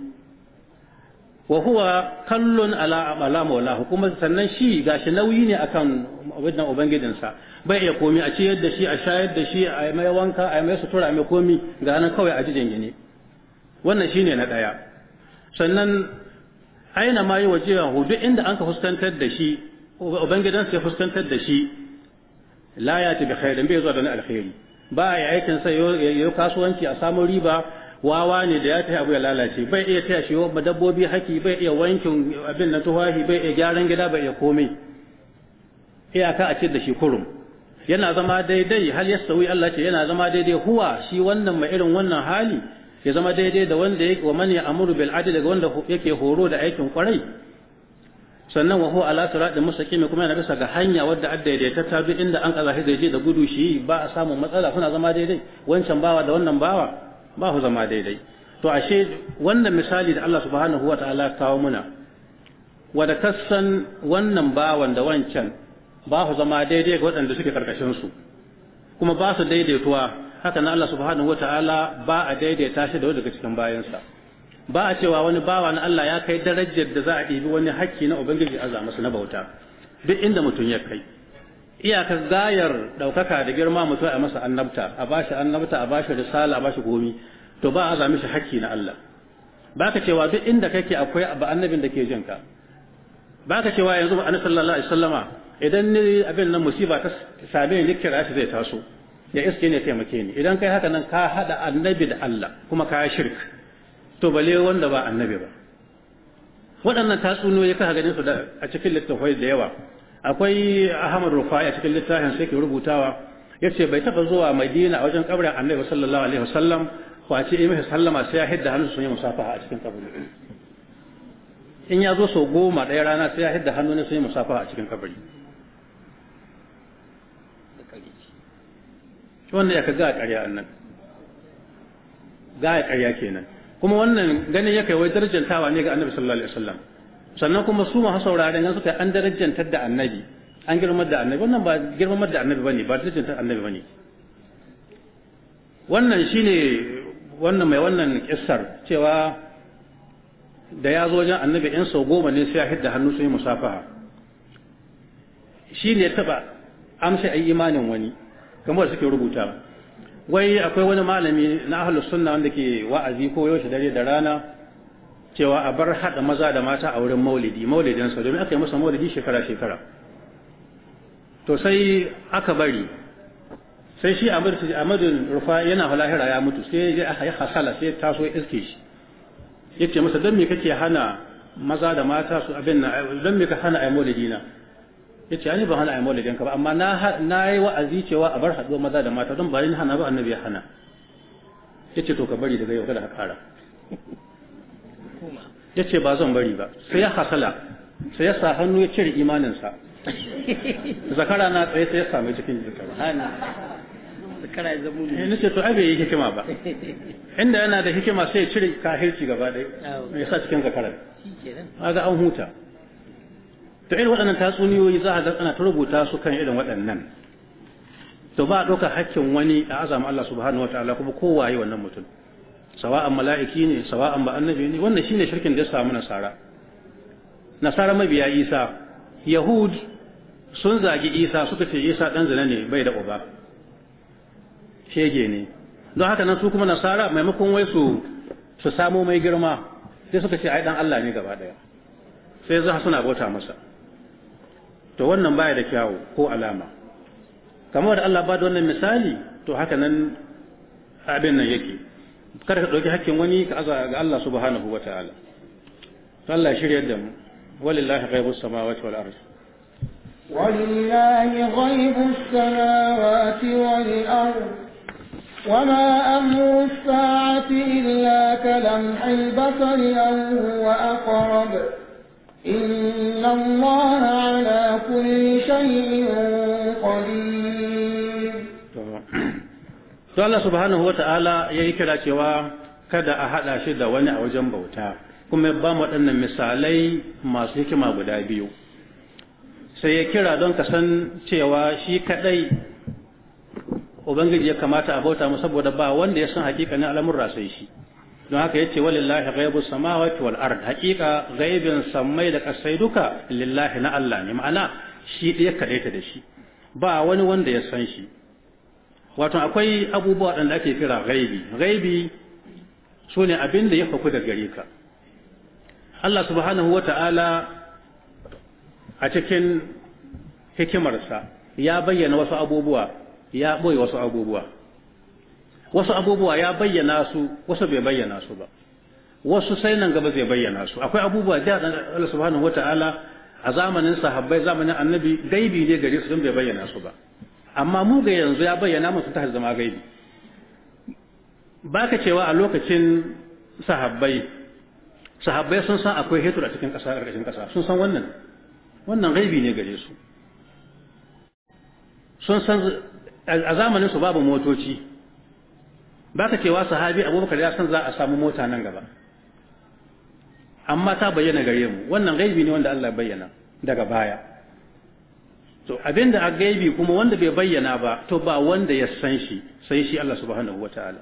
wa huwa kallon ala ala maulahu sannan shi gashi nauyi ne akan wajen ubangijinsa bai iya komi a ciyar da shi a shayar da shi a mai wanka a mai sutura a mai komi ga nan kawai a jijin gine wannan shine na daya sannan aina ma yi wajewa hudu inda an ka fuskantar da shi ubangidansa ya fuskantar da shi la ya bi khairin bai zuwa da na alkhairi ba ya aikin sa yayi kasuwanci a samu riba wawa ne da ya taya abu ya lalace bai iya taya shi wa dabbobi haki bai iya wankin abin na tuwahi bai iya gyaran gida bai iya komai iyaka a ce da shi kurum yana zama daidai hal sauyi Allah ce yana zama daidai huwa shi wannan mai irin wannan hali ya zama daidai da wanda yake wa man ya amuru bil adl daga wanda yake horo da aikin kwarai sannan wa huwa ala sirat mustaqim kuma yana bisa ga hanya wadda addaidaita ta duk inda an kaza zai da gudu shi ba a samu matsala kuna zama daidai wancan bawa da wannan bawa ba ku zama daidai to ashe wannan misali da Allah subhanahu wa ta'ala kawo muna wada kassan wannan bawan da wancan ba ku zama daidai ga waɗanda suke karkashin su kuma ba su daidaituwa haka na Allah subhanahu wa ta'ala ba a daidaita shi da wanda daga cikin bayansa ba a cewa wani bawa na Allah ya kai darajar da za a ɗibi wani haƙƙi na ubangiji a za masa na bauta duk inda mutum ya kai iyaka gayar ɗaukaka da girma mutum a masa annabta a ba shi annabta a ba shi risala a ba shi gomi to ba a za mishi hakki na Allah ba ka cewa duk inda kake akwai ba annabin da ke jin ka ba ka cewa yanzu ba annabi sallallahu alaihi wasallama idan ni abin nan musiba ta same ni kira shi zai taso ya iske ne taimake ni idan kai haka nan ka hada annabi da Allah kuma ka shirka to bale wanda ba annabi ba waɗannan tatsuniyoyi ka ganin su a cikin littafai da yawa akwai ahmad rufai a cikin littafin sai ke rubutawa ya ce bai taɓa zuwa madina a wajen kabarin annabi sallallahu alaihi wasallam kwace yi mafi sallama sai ya hidda hannu sun yi musafaha a cikin kabari in ya zo sau goma ɗaya rana sai ya hidda hannu ne sun yi musafaha a cikin kabari wannan ya ka ga a ƙarya annan ga a ƙarya kenan kuma wannan ganin ya kai wai darajantawa ne ga annabi sallallahu alaihi wasallam sannan kuma su masu sauraren nan suka an darajantar da annabi an girmar da annabi wannan ba girmamar da annabi bane ba darajantar annabi bane wannan shine wannan mai wannan kissar cewa da ya zo wajen annabi in sau goma ne sai ya hidda hannu sai musafaha shi ne ya taba amsa ayi imanin wani kamar suke rubuta wai akwai wani malami na ahlus sunna wanda ke wa'azi ko yaushe dare da rana cewa a bar hada maza da mata a wurin maulidi maulidin sa domin aka yi masa maulidi shekara shekara to sai aka bari sai shi madun Rufa yana lahira ya mutu sai ya hasala sai taso ya iske shi yace masa dan me kake hana maza da mata su abin nan dan me ka hana ai maulidi na yace ani ba hana ayi maulidin ka ba amma na na yi wa'azi cewa a bar haɗuwar maza da mata don ba ni hana ba annabi ya hana yace to ka bari daga yau kada ka kara yace ba zan bari ba sai ya hasala sai ya sa hannu ya cire imaninsa zakara na tsaye sai ya samu cikin zakara zakara ya zamu eh, ne ce to ai bai yi hikima ba <laughs> inda yana da hikima sai ya cire kahirci gaba ɗaya ya sa cikin zakara kaga an huta to irin waɗannan tatsuniyoyi za a ga ana ta rubuta su kan irin waɗannan to ba a ɗaukar hakkin wani a azama Allah subhanahu wataala kuma kowaye wannan mutum sawa'an mala'iki ne sawa'an ba annabi ne wannan shine shirkin da ya samu nasara nasara mabiya isa yahud sun zagi isa suka ce isa dan zina ne bai da uba shege ne don haka nan su kuma nasara maimakon wai su su samo mai girma sai suka ce ai dan Allah ne gaba daya sai za suna bauta masa to wannan baya da kyawu ko alama kamar da Allah ba da wannan misali to haka nan abin nan yake kar ka dauki hakkin wani ka aza ga Allah subhanahu wa ta'ala Allah shirya da mu walillahi ghaibus samawati wal ardh ولله غيب السماوات والأرض وما أمر الساعة إلا كلمح البصر أو هو أقرب إن الله على كل شيء قدير Allah subhanahu wa ta'ala ya yi kira cewa kada a haɗa shi da wani a wajen bauta kuma ba waɗannan misalai masu hikima guda biyu sai ya kira don ka san cewa shi kaɗai ubangiji ya kamata a bauta mu saboda ba wanda ya san ne al'amurra sai shi don haka yace lillahi ghaibu samawati wal ard haqiqa ghaibin samai da kasai duka lillahi na Allah ne ma'ana shi ɗaya ta da shi ba wani wanda ya san shi wato akwai abubuwa da ake kira ghaibi ghaibi sune abin da ya faku da gare ka Allah subhanahu wata'ala a cikin hikimarsa ya bayyana wasu abubuwa ya boye wasu abubuwa wasu abubuwa ya bayyana su wasu bai bayyana su ba wasu sai nan gaba zai bayyana su akwai abubuwa da Allah subhanahu wata'ala a zamanin sahabbai zamanin annabi gaibi ne gare su don bai bayyana su ba amma mu ga yanzu ya bayyana musu ta zama gaibi baka cewa a lokacin sahabbai sahabbai sun san akwai hetur a cikin ƙasa ƙarƙashin ƙasa sun san wannan wannan gaibi ne gare su sun san a zamanin su babu motoci baka cewa sahabi abubakar ya san za a samu mota nan gaba amma ta bayyana gare mu wannan gaibi ne wanda Allah bayyana daga baya to abinda a gaibi kuma wanda bai bayyana ba to ba wanda ya san shi sai shi Allah subhanahu wataala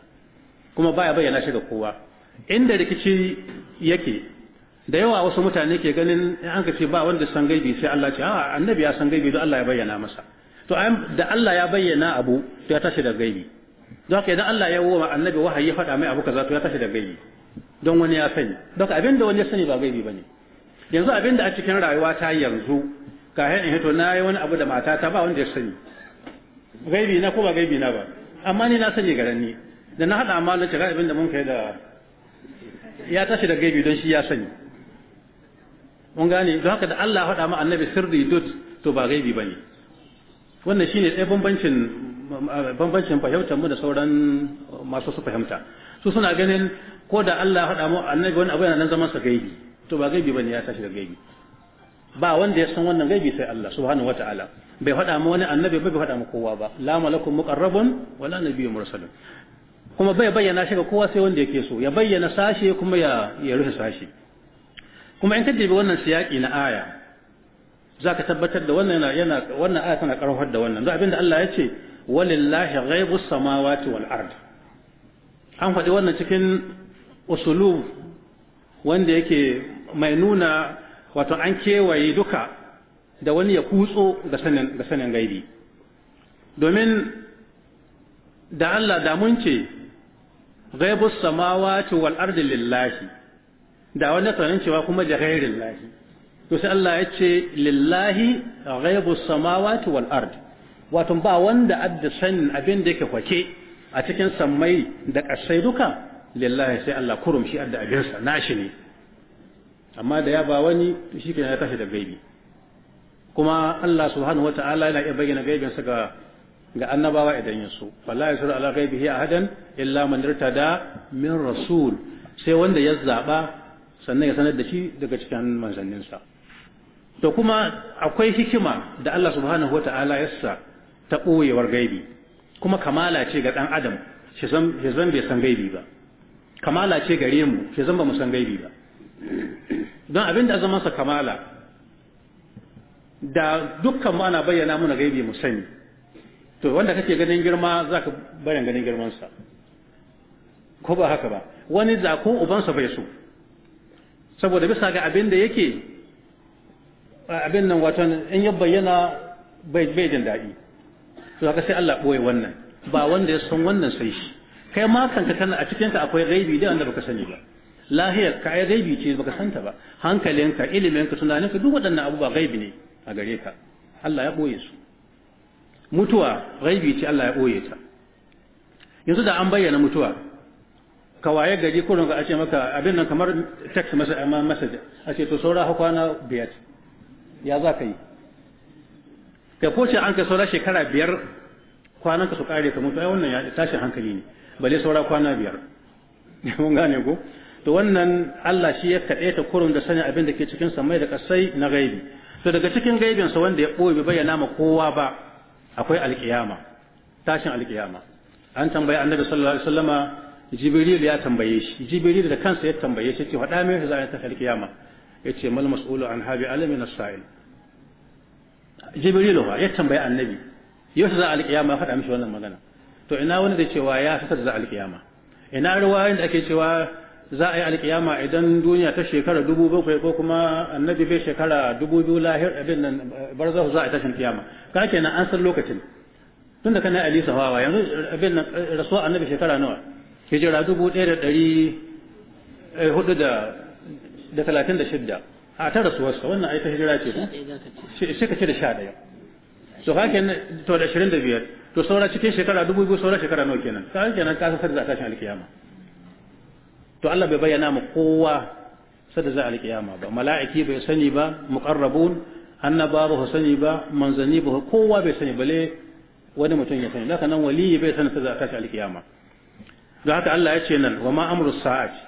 kuma baya bayyana shi ga kowa inda rikici yake da yawa wasu mutane ke ganin an ka ce ba wanda san gaibi sai Allah ce a'a annabi ya san gaibi don Allah ya bayyana masa to da Allah ya bayyana abu to ya tashi da gaibi don haka idan Allah ya wa annabi wahayi faɗa mai abu kaza to ya tashi da gaibi don wani ya sani don abin da wani ya sani ba gaibi bane yanzu abin da a cikin rayuwa ta yanzu ga in hito na yi wani abu da mata ta ba wanda ya sani gaibi na ko ba gaibi na ba amma ni na sani garan ni da na haɗa amma na cika abin da mun kai da ya tashi da gaibi don shi ya sani mun gane don haka da Allah faɗa ma annabi sirri dud to ba gaibi bane wannan shine ɗaya bambancin bambancin fahimtar mu da sauran masu su fahimta su suna ganin ko da Allah ya faɗa mu annabi wani abu yana nan zaman sa gaibi to ba gaibi bane ya tashi da gaibi ba wanda ya san wannan gaibi sai Allah subhanahu wataala bai faɗa mu wani annabi bai faɗa mu kowa ba la malakum muqarrabun wala nabiyyun mursalun kuma bai bayyana shi ga kowa sai wanda yake so ya bayyana sashe kuma ya ya rufe sashe kuma in ka dibi wannan siyaki na aya Za ka tabbatar da wannan yana wannan aya tana karfafar da wannan don abinda Allah ya ce walillahi ghaibus samawati wal ard an faɗi wannan cikin usulu wanda yake mai nuna wato an kewaye duka da wani ya kutso ga sanin da sanin gaibi domin da Allah da mun ce ghaibus samawati wal ard lillahi da wani tsanin cewa kuma jahairin lillahi. to sai Allah ya ce lillahi ghaibu samawati wal ard wato ba wanda adda sanin abin da yake kwake a cikin sammai da ƙasai duka lillahi sai Allah kurum shi adda abin sa nashi ne amma da ya ba wani to shi ya tashi da gaibi kuma Allah subhanahu wata'ala yana iya bayyana gaibin sa ga ga annabawa idan ya so wallahi yasuru ala ghaibihi ahadan illa man irtada min rasul sai wanda ya zaba sannan ya sanar da shi daga cikin manzanninsa to kuma akwai hikima da Allah subhanahu wa ta'ala yassa ta ɓoyewar gaibi kuma kamala ce ga ɗan adam shi zan bai san gaibi ba kamala ce gare mu shi zan ba mu san gaibi ba don abin da sa kamala da dukkan mu ana bayyana muna gaibi mu sani to wanda kake ganin girma za ka bayan ganin girmansa ko ba haka ba wani zakon ubansa bai so saboda bisa ga abin da yake abin nan wato in ya bayyana bai bai jin daɗi to haka sai Allah boye wannan ba wanda ya san wannan sai shi kai ma kanka kana a cikin ka akwai gaibi da wanda baka sani ba lahiyar ka ai gaibi ce baka santa ba hankalinka iliminka tunaninka duk waɗannan abubuwa gaibi ne a gare ka Allah ya boye su mutuwa gaibi ce Allah ya boye ta yanzu da an bayyana mutuwa ka waye gari kurin ka a ce maka abin nan kamar text message a ce to saura hakwana biyar ya za ka yi ka koce an saura shekara biyar kwanan ka su kare ka mutu ai wannan ya tashin hankali ne bale saura kwana biyar <laughs> mun gane ko to wannan Allah shi ya kade ta kurun da sanin abin da ke cikin mai da kasai na gaibi to daga cikin gaibin sa wanda ya ɓoye bayyana ma kowa ba akwai alkiyama tashin alkiyama an tambaye annabi sallallahu alaihi wasallama jibril ya tambaye shi jibril da kansa ya tambaye shi ce faɗa mai za a ta alkiyama yace mal mas'ulu an habi alamin as-sa'il jibrilu ba ya tambayi annabi yau za alƙiyama ya faɗa mishi wannan magana to ina wani da cewa ya fitar za alƙiyama ina ruwayoyin da ake cewa za a yi alƙiyama idan duniya ta shekara dubu bakwai ko kuma annabi bai shekara dubu biyu lahir abin nan barzahu za a yi tashin kiyama ka kenan an san lokacin tun da kana alisa hawa yanzu abin nan rasuwa annabi shekara nawa hijira dubu ɗaya da ɗari eh, hudu da talatin da shidda a ta rasuwarsa wannan ai ta hijira ce ko eh, sai ka ce da sha ɗaya to haka to da ashirin da biyar to saura cikin shekara dubu biyu saura shekara nawa kenan ta kenan ka san da tashin alkiyama to Allah bai bayyana mu kowa sada za alkiyama ba mala'iki bai sani ba muqarrabun annaba ba sani ba manzanni ba kowa bai sani bale wani mutum ya sani haka nan waliyi bai sani sada tashin alkiyama don haka Allah ya ce nan wa ma amru sa'ati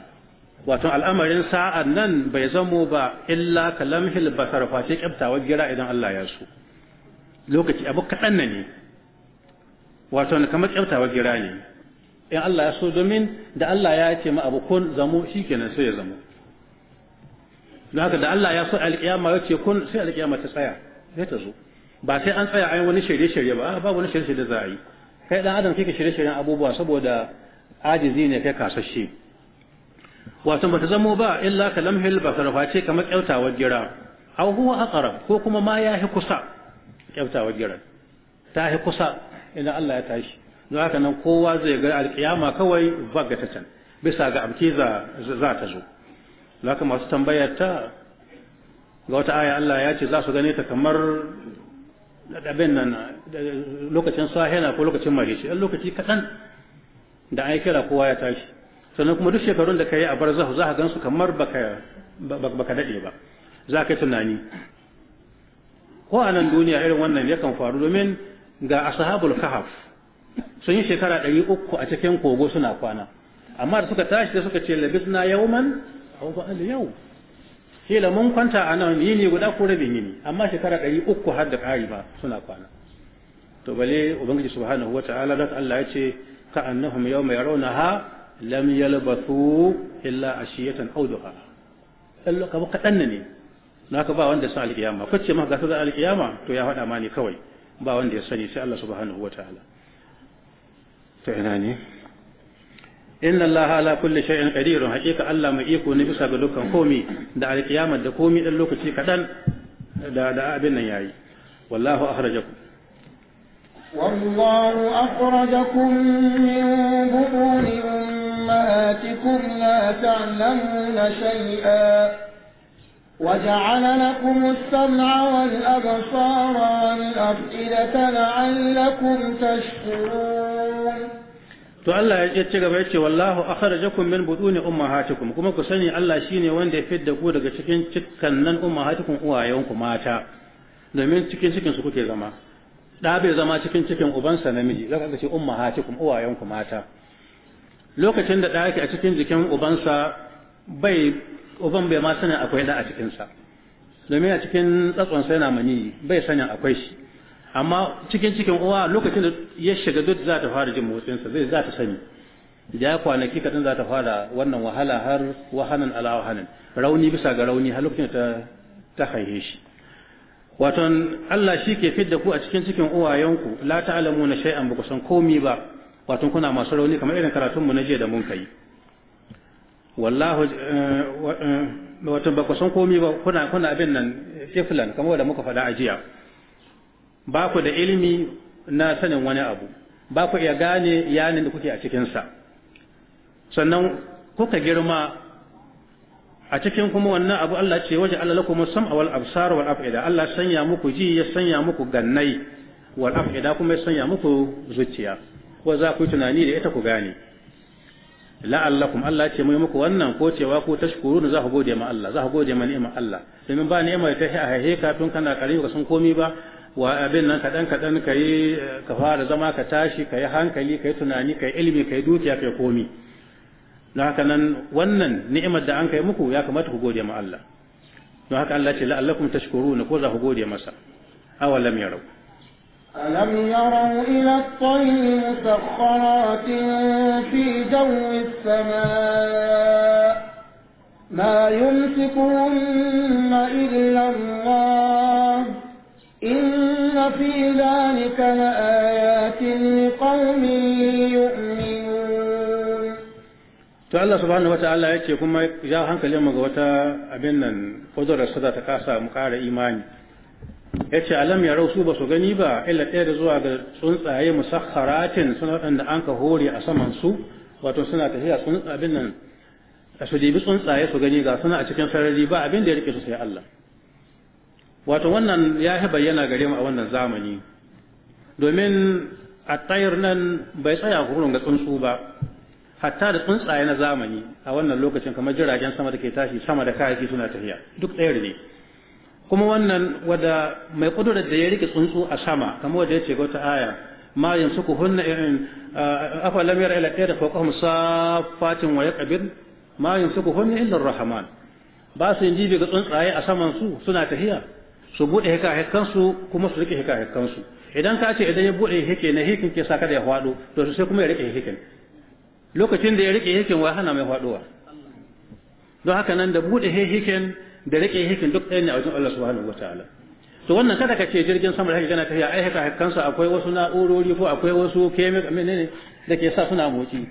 wato al'amarin sa'an nan bai zamo ba illa kalamhil basar face kyaftawa gira idan Allah ya so lokaci abu kaɗan na ne wato kamar kyaftawa gira ne in Allah ya so domin da Allah ya ce ma abu kun zamo shikenan sai ya zamo don haka da Allah ya so alƙiyama ya ce kun sai alƙiyama ta tsaya sai ta zo ba sai an tsaya an wani shirye-shirye ba ba wani shirye-shirye za a yi kai dan adam kike shirye-shiryen abubuwa saboda ajizi ne kai kasashe wato bata zamo ba illa ka lamhil basar face kamar kyautawar gira aw huwa aqrab ko kuma ma yahi kusa kyautawar gira ta yi kusa idan Allah ya tashi don haka nan kowa zai ga alkiyama kawai baga ta can bisa ga amke za ta zo laka masu tambayar ta ga wata aya Allah ya ce za su gane ta kamar abin nan lokacin sahina ko lokacin marici ɗan lokaci kaɗan da an kira kowa ya tashi sannan kuma duk shekarun da ka yi a zahu za ka gan su kamar baka ka daɗe ba za ka yi tunani ko a nan duniya irin wannan yakan faru domin ga ashabul kahaf sun yi shekara ɗari uku a cikin kogo suna kwana amma da suka tashi da suka ce man yauman aw ala yau kila mun kwanta a nan yini guda ko rabin yini amma shekara ɗari uku har da ƙari ba suna kwana to bale ubangiji subhanahu ta'ala da Allah ya ce ka annahum yawma yarawnaha لم يلبثوا إلا عشية أو ضحاها قال له كبقى أنني ناك با وند سال القيامة فتش ما قصد على القيامة تو يا هذا ماني كوي با وند سني سأل الله سبحانه وتعالى تعناني إن الله على كل شيء قدير حقيقة الله ما يكون نبسا قلوكا قومي دا على القيامة دا قومي اللوك تي كدن دا دا أبنا ياي والله أخرجكم والله أخرجكم من بطون أمهاتكم لا تعلمون شيئا وجعل لكم السمع والأبصار والأفئدة لعلكم تشكرون to Allah ya ce ci gaba yace wallahu akhrajakum min buduni ummahatikum kuma ku sani Allah shine wanda ya fidda ku daga cikin cikkan nan ummahatikum uwayenku mata domin cikin cikin su kuke zama da bai zama cikin cikin ubansa namiji zaka ga ce ummahatikum uwayenku mata lokacin da da a cikin jikin ubansa bai uban bai ma sanin akwai da a cikin sa domin a cikin tsatson yana mani bai sanin akwai shi amma cikin cikin uwa lokacin da ya shiga duk za ta fara jin motsin sa zai za ta sani ya kwanaki kadan za ta fara wannan wahala har wahanan ala wahanan rauni bisa ga rauni har lokacin ta ta haihe shi waton Allah shi ke fidda ku a cikin cikin uwayenku la ta'lamu na shay'an ba ku san komi ba wato kuna masu rauni kamar irin karatun mu na jiya da mun kai wallahu eh, wato ba ku komi ba kuna kuna abin nan iflan kamar da muka faɗa a jiya ba ku da ilimi na sanin wani abu ba ku iya gane yanin da kuke a cikinsa sannan kuka girma a cikin kuma wannan abu Allah ce waje Allah lakum sam'a wal absar wal af'ida Allah sanya muku ji ya sanya muku gannai wal af'ida kuma ya sanya muku zuciya ko za ku tunani da ita ku gane la'allakum Allah ce mai muku wannan ko cewa ku tashkuru za ku gode ma Allah za ku gode ma ni'imar Allah domin ba ni'imar ta a haihe ka tun kana kare ka san komai ba wa abin nan kadan kadan kai ka fara zama ka tashi kai hankali kai tunani kai ilimi kai dukiya kai komai don haka nan wannan ni'imar da an kai muku ya kamata ku gode ma Allah don haka Allah ce la'allakum tashkuruna ko za ku gode masa awalam yarau ألم يروا إلى الطير مسخرات في جو samaa ma يمسكهن illa Allah inna fi ذلك لآيات لقوم yu'minun to Allah subhanahu wata'ala ya ce kuma ya hankalin mu ga wata abin nan kudurar sada ta kasa mu ƙara imani ya ce alam ya rausu ba su gani ba illa ɗaya da zuwa ga tsuntsaye musakharatin suna waɗanda an ka hore a saman su wato suna tafiya abin nan a su dibi tsuntsaye su gani ga suna a cikin sarari ba abin da ya rike su sai Allah wato wannan ya fi bayyana gare mu a wannan zamani domin a tayar nan bai tsaya kurun ga tsuntsu ba hatta da tsuntsaye na zamani a wannan lokacin kamar jiragen sama da ke tashi sama da kayaki suna tafiya duk ɗaya ne kuma wannan wada mai kudurar da ya rike tsuntsu a sama kamar wajen ya ce wata aya ma yanzu ku hunna irin afa lamiyar yara ila qira fawqahum safatin wa ma yanzu ku hunna illa rahaman ba su yin jibi ga tsuntsaye a saman su suna tafiya su buɗe hika hikansu kuma su rike hika hikansu idan ka ce idan ya buɗe hike na hikin ke saka da ya faɗo to sai kuma ya rike hikin lokacin da ya rike hikin wa hana mai faduwa don haka nan da bude hikin da rike hikin duk ɗaya ne a wajen Allah subhanahu wataala to wannan kada ka ce jirgin sama da gana tafiya ai haka kansa akwai wasu na'urori ko akwai wasu kemik menene da ke sa suna motsi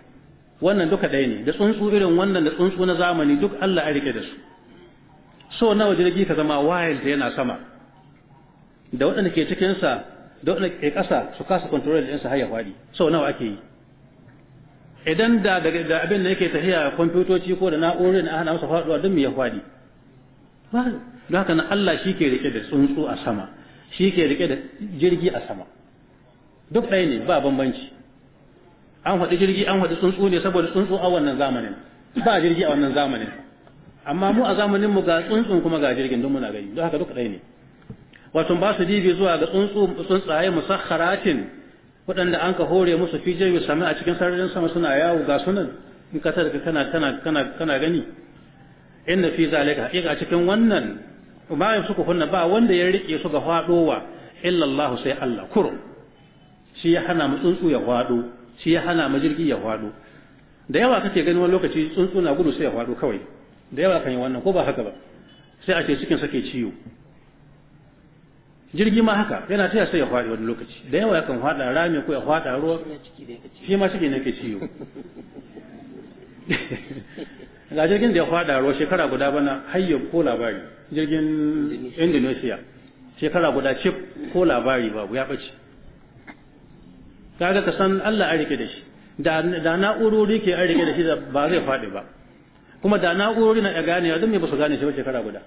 wannan duka ɗaya ne da tsuntsu irin wannan da tsuntsu na zamani duk Allah ya rike da su so nawa jirgi ka zama wild yana sama da waɗanda ke cikinsa da waɗanda ke ƙasa su kasa control ɗinsa har ya faɗi so nawa ake yi idan da da abin da yake tafiya kwamfutoci ko da na'urorin na hana masa faɗuwa don me ya faɗi ba don haka na Allah shi ke rike da tsuntsu a sama shi ke rike da jirgi a sama duk ɗaya ne ba bambanci an haɗu jirgi an haɗu tsuntsu ne saboda tsuntsu a wannan zamanin ba jirgi a wannan zamanin amma mu a zamanin mu ga tsuntsun kuma ga jirgin don muna gani don haka duk ɗaya ne wato ba su dibi zuwa ga tsuntsu tsuntsaye musakharatin waɗanda an ka hore musu fi jayu sami a cikin sararin sama suna yawo ga sunan in ka tarka kana kana kana kana gani inna fi zalika a cikin wannan ma yusuku kunna ba wanda ya rike su ga haɗowa illallahu sai Allah kurum shi ya hana mu tsuntsu ya haɗo, shi ya hana mu jirgi ya haɗo. da yawa kake ganin wani lokaci tsuntsu na gudu sai ya haɗo kawai da yawa kan yi wannan ko ba haka ba sai a ce cikin sake ciwo jirgi ma haka yana taya sai ya faɗi wani lokaci da yawa yakan faɗa rami ko ya faɗa ruwa shi ma shi ne ke ciwo ga jirgin da ya faɗa ruwa shekara guda bana hayyar ko labari jirgin indonesia shekara guda ce ko labari babu ya ɓace kaga ka san allah a rike da shi da na'urori ke a rike da shi ba zai faɗi ba kuma da na'urori na ya gane ya don ba su gane shi ba shekara guda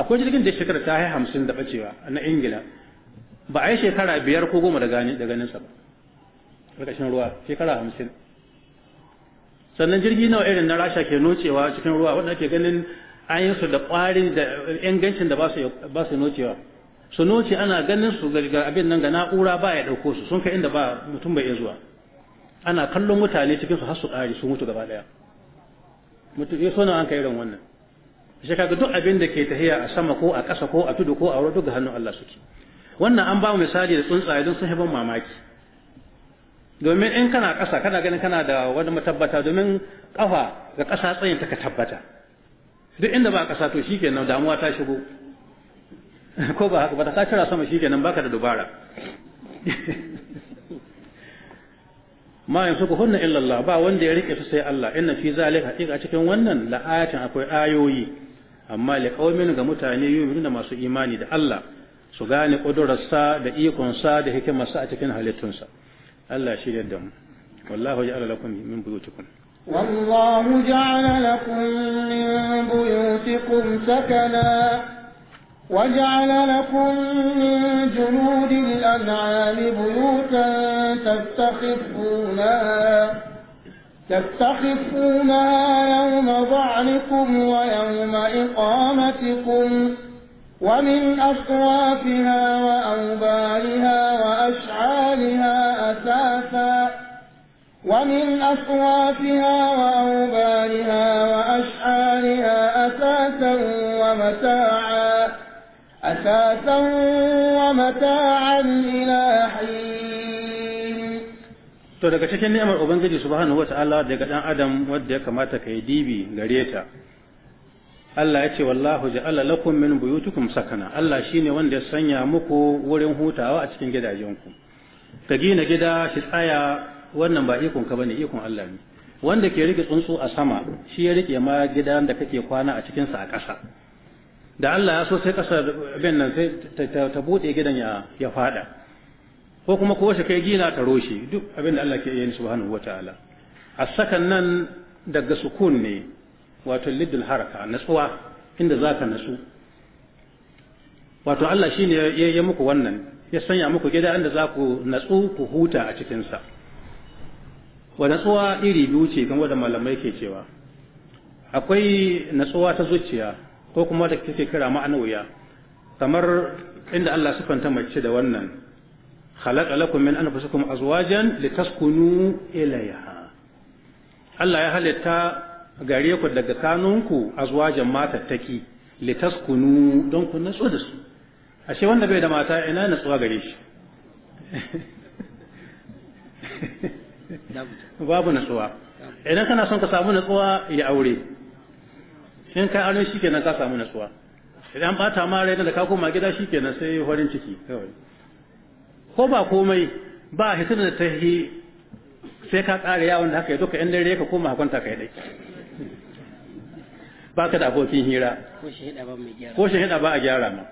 akwai jirgin da shekara ta hai hamsin da bacewa na ingila ba a yi shekara biyar ko goma da ganinsa ba ƙarƙashin ruwa shekara hamsin sannan jirgi nawa irin na rasha ke nocewa cikin ruwa wanda ke ganin an yi su da ƙwari da ingancin da ba su nocewa su noce ana ganin su ga abin nan ga na'ura ba ya ɗauko su sun kai inda ba mutum bai iya zuwa ana kallon mutane cikin su har su ƙari su mutu gaba ɗaya mutum ya so na an kai irin wannan shi kaga duk abin da ke tahiya a sama ko a ƙasa ko a tudu ko a wuri duk hannun Allah suke wannan an ba mu misali da tsuntsaye don sun ban mamaki domin in kana ƙasa kana ganin kana da wani matabbata domin ƙafa ga ƙasa tsayin ka tabbata duk inda ba ƙasa to shikenan damuwa ta shigo <laughs> ko ba haka ba ta kira sama shikenan baka da dubara <laughs> ma yanzu ku hunna illallah ba wanda ya rike su sai Allah inna fi zalika haqiqa cikin wannan la'ayatin akwai ayoyi amma liqaumin ga mutane da masu imani da Allah su gane ƙudurarsa da ikonsa da hikimarsa a cikin halittunsa Allah shi da mu wallahu ya'ala lakum min buyutikum والله جعل لكم من بيوتكم سكنا وجعل لكم من جنود الأنعام بيوتا تستخفونها تستخفونها يوم ضعنكم ويوم إقامتكم ومن أصوافها وأوبارها وأشعارها أثاثا ومن أصوافها وأوبارها وأشعارها أثاثا ومتاعا أثاثا ومتاعا إلى حين to daga cikin ni'amar ubangiji subhanahu wata'ala daga dan adam wanda ya kamata ka yi dibi gare ta Allah ya ce wallahu ja'ala lakum min buyutikum sakana Allah shine wanda ya sanya muku wurin hutawa a cikin gidajenku ka gina gida shi tsaya wannan ba ikon ka bane ikon Allah ne wanda ke rike tsuntsu a sama shi ya rike ma gidan da kake kwana a cikin sa a ƙasa da Allah ya so sai ƙasar bin nan sai ta bude gidan ya ya fada ko kuma ko shi kai gina ta roshe duk abin da Allah ke yi subhanahu wataala a sakan nan daga sukun ne wato liddul haraka natsuwa inda zaka natsu wato Allah shine ya yi muku wannan ya sanya muku gida inda za ku natsu ku huta a cikin sa wa natsuwa iri biyu ce kan da malamai ke cewa akwai natsuwa ta zuciya ko kuma da kike kira ma'anawiya kamar inda Allah sufanta mace da wannan خلق لكم من أنفسكم أزواجا لتسكنوا إليها Allah ya halitta gare ku daga kanunku azwajan matattaki litaskunu don ku natsu da su ashe wanda bai da mata ina natsuwa gare shi babu natsuwa idan kana son ka samu natsuwa ya aure in ka aure shikenan ka samu natsuwa idan bata ma rai da ka koma gida shikenan sai farin ciki ko ba komai ba hitin da ta yi sai ka tsara yawon da haka yi duka in dare ka koma kwanta yi dai ba ka da abokin hira ko shi hida ba a gyara ma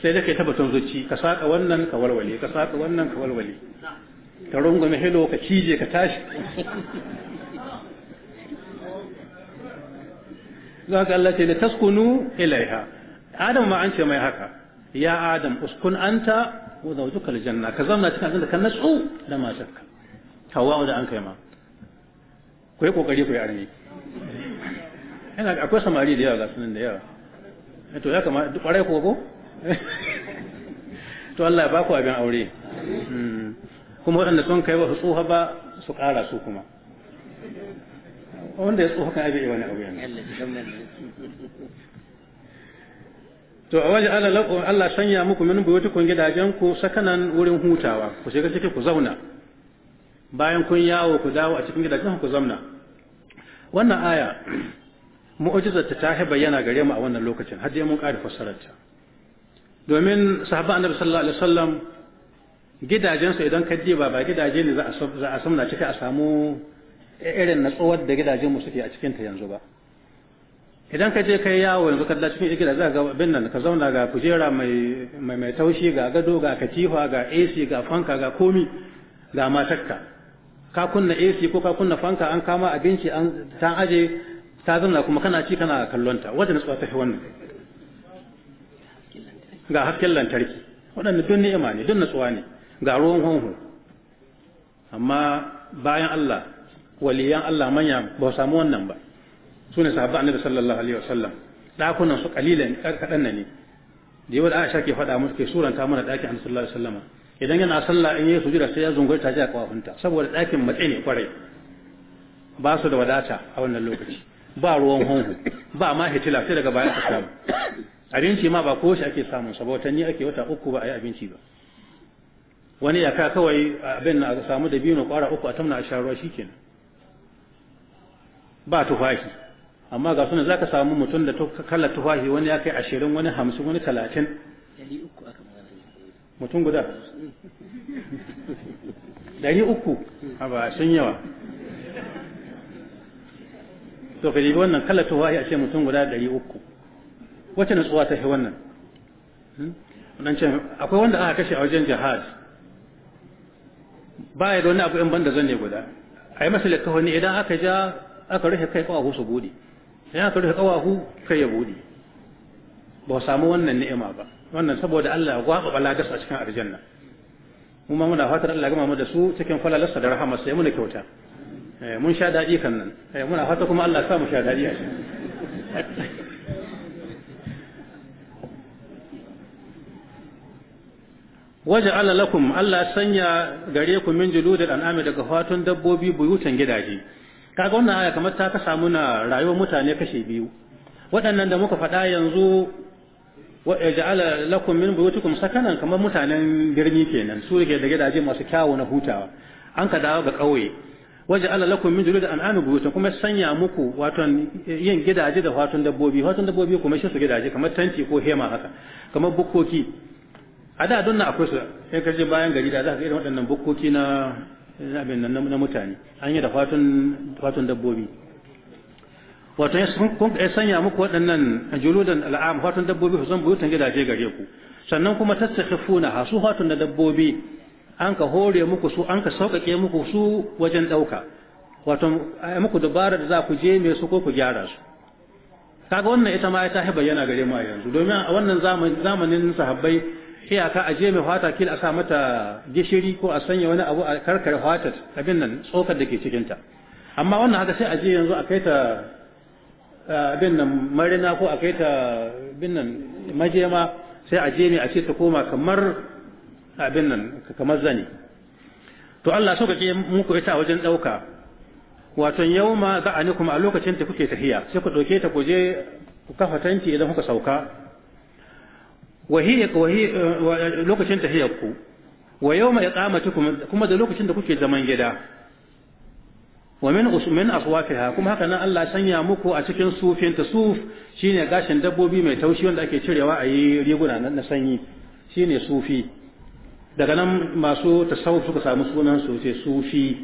sai da ka yi tabbatun zuci ka saka wannan ka walwale ka saka wannan ka walwale ka rungume hilo ka cije ka tashi za ka Allah ce da taskunu ilaiha adam ma an ce mai haka ya adam uskun anta wa zawjuka aljanna ka zauna cikin abin da kan natsu da matarka hawa da an kai ma ku yi kokari ku yi arme yana akwai samari da yawa ga sunan da yawa eh, to ya kamata duk kwarai ko <laughs> to Allah ya baku abin aure hmm. kuma waɗanda sun kai su tsoha ba su ƙara su kuma wanda ya tsoha kan abin wani abu yana to a waje ala Allah sanya muku min kun gidajen ku sakanan wurin hutawa ku shiga ciki ku zauna bayan kun yawo ku dawo a cikin gidajen ku zauna wannan aya mu'jizar ta ta bayyana gare mu a wannan lokacin har da mun ƙara fassarar domin sahabba annabi sallallahu alaihi wasallam gidajen idan ka diba ba gidaje ne za a za a ciki a samu irin natsuwar da gidajen mu suke a cikin ta yanzu ba idan ka je kai yawo yanzu kalla cikin gida za ga abin nan ka zauna ga kujera mai mai taushi ga gado ga katifa ga AC ga fanka ga komi ga matakka ka kunna AC ko ka kunna fanka an kama abinci an ta aje ta zauna kuma kana ci kana kallonta wata nutsuwa ta fi wannan ga hasken lantarki waɗanda duk ni'ima ne duk nutsuwa ne ga ruwan honhu amma bayan Allah waliyan Allah manya ba samu wannan ba su ne sahabba annabi sallallahu alaihi wasallam ɗakunan su kalilan kaɗan ne da yawa da Aisha ke faɗa musu ke suranta mana ɗakin annabi sallallahu alaihi wasallam idan yana sallah in yayi sujuda sai ya zungure ta ji a kafafunta saboda ɗakin matsi ne kwarai ba su da wadata a wannan lokaci ba ruwan honhu ba ma hitila sai daga baya aka samu abinci ma ba ko shi ake samun sa watanni ake wata uku ba a yi abinci ba wani ya ka kawai abin na samu da biyu na kwara uku a tamna a sha ruwa shikenan ba tufafi amma ga sunan zaka samu mutum da kala tufafi wani ya kai ashirin wani hamsin wani talatin mutum guda dari uku a ba sun yawa to ka dibi wannan kala tufafi a ce mutum guda dari uku wacce natsuwa ta fi wannan hmm? akwai wanda aka kashe a wajen jihad ba ya da wani abu in banda zanne guda a yi masa lakahoni idan aka ja aka rufe kai kawai a su bude sai aka rufe kawahu kai ya bude ba samu wannan ni'ima ba wannan saboda Allah ya gwaba balagarsa a cikin aljanna mu ma muna fatar Allah ya gama mu da su cikin falalarsa da rahama sai muna kyauta eh, mun sha daɗi kan nan eh, muna fata kuma Allah sa mu sha daɗi a waje ala lakum Allah sanya gare ku min juludil an'ami daga fatun dabbobi buyutan gidaje kaga wannan aya kamar ta kasa muna rayuwar mutane kashe biyu waɗannan da muka faɗa yanzu ja'ala lakum min buyutikum sakanan kamar mutanen birni kenan su da gidaje masu kyawu na hutawa an ka dawo ga ƙauye waja'ala lakum min an anu buyutun kuma sanya muku wato yin gidaje da watan dabbobi watan dabbobi kuma shi su gidaje kamar tanti ko hema haka kamar bukkoki a da donna akwai su sai ka je bayan gari da za ka ga irin waɗannan bukkoki na abin nan na mutane an yi da fatun dabbobi wato kun ya sanya muku waɗannan juludan al'am fatun dabbobi su zan buyutan gidaje gare ku sannan kuma tastakhifuna su fatun da dabbobi an ka hore muku su an ka sauƙaƙe muku su wajen ɗauka wato ai muku dabara da za ku je me su ko ku gyara su kaga wannan ita ma ta bayyana gare mu a yanzu domin a wannan zamanin sahabbai iyaka a je mai fata kila a sa mata gishiri ko a sanya wani abu a karkar fatar abin nan tsokar da ke cikinta amma wannan haka sai a je yanzu a kai ta abin nan marina ko a kai ta abin nan majema sai a je ne a ce ta koma kamar abin nan kamar zani to Allah so kake muku ita wajen ɗauka wato yauma za a kuma a lokacin da kuke tafiya sai ku ɗauke ta ku je ku kafa tanti idan kuka sauka wahiya eh, lokacin tahiyar ku wa yawma iqamatukum kuma da lokacin da kuke zaman gida wa min usmin aswafiha kuma haka nan Allah sanya muku a cikin sufin ta suf shine gashin dabbobi mai taushi wanda ake cirewa a yi riguna na sanyi shine sufi daga nan masu tasawuf suka samu sunan su ce sufi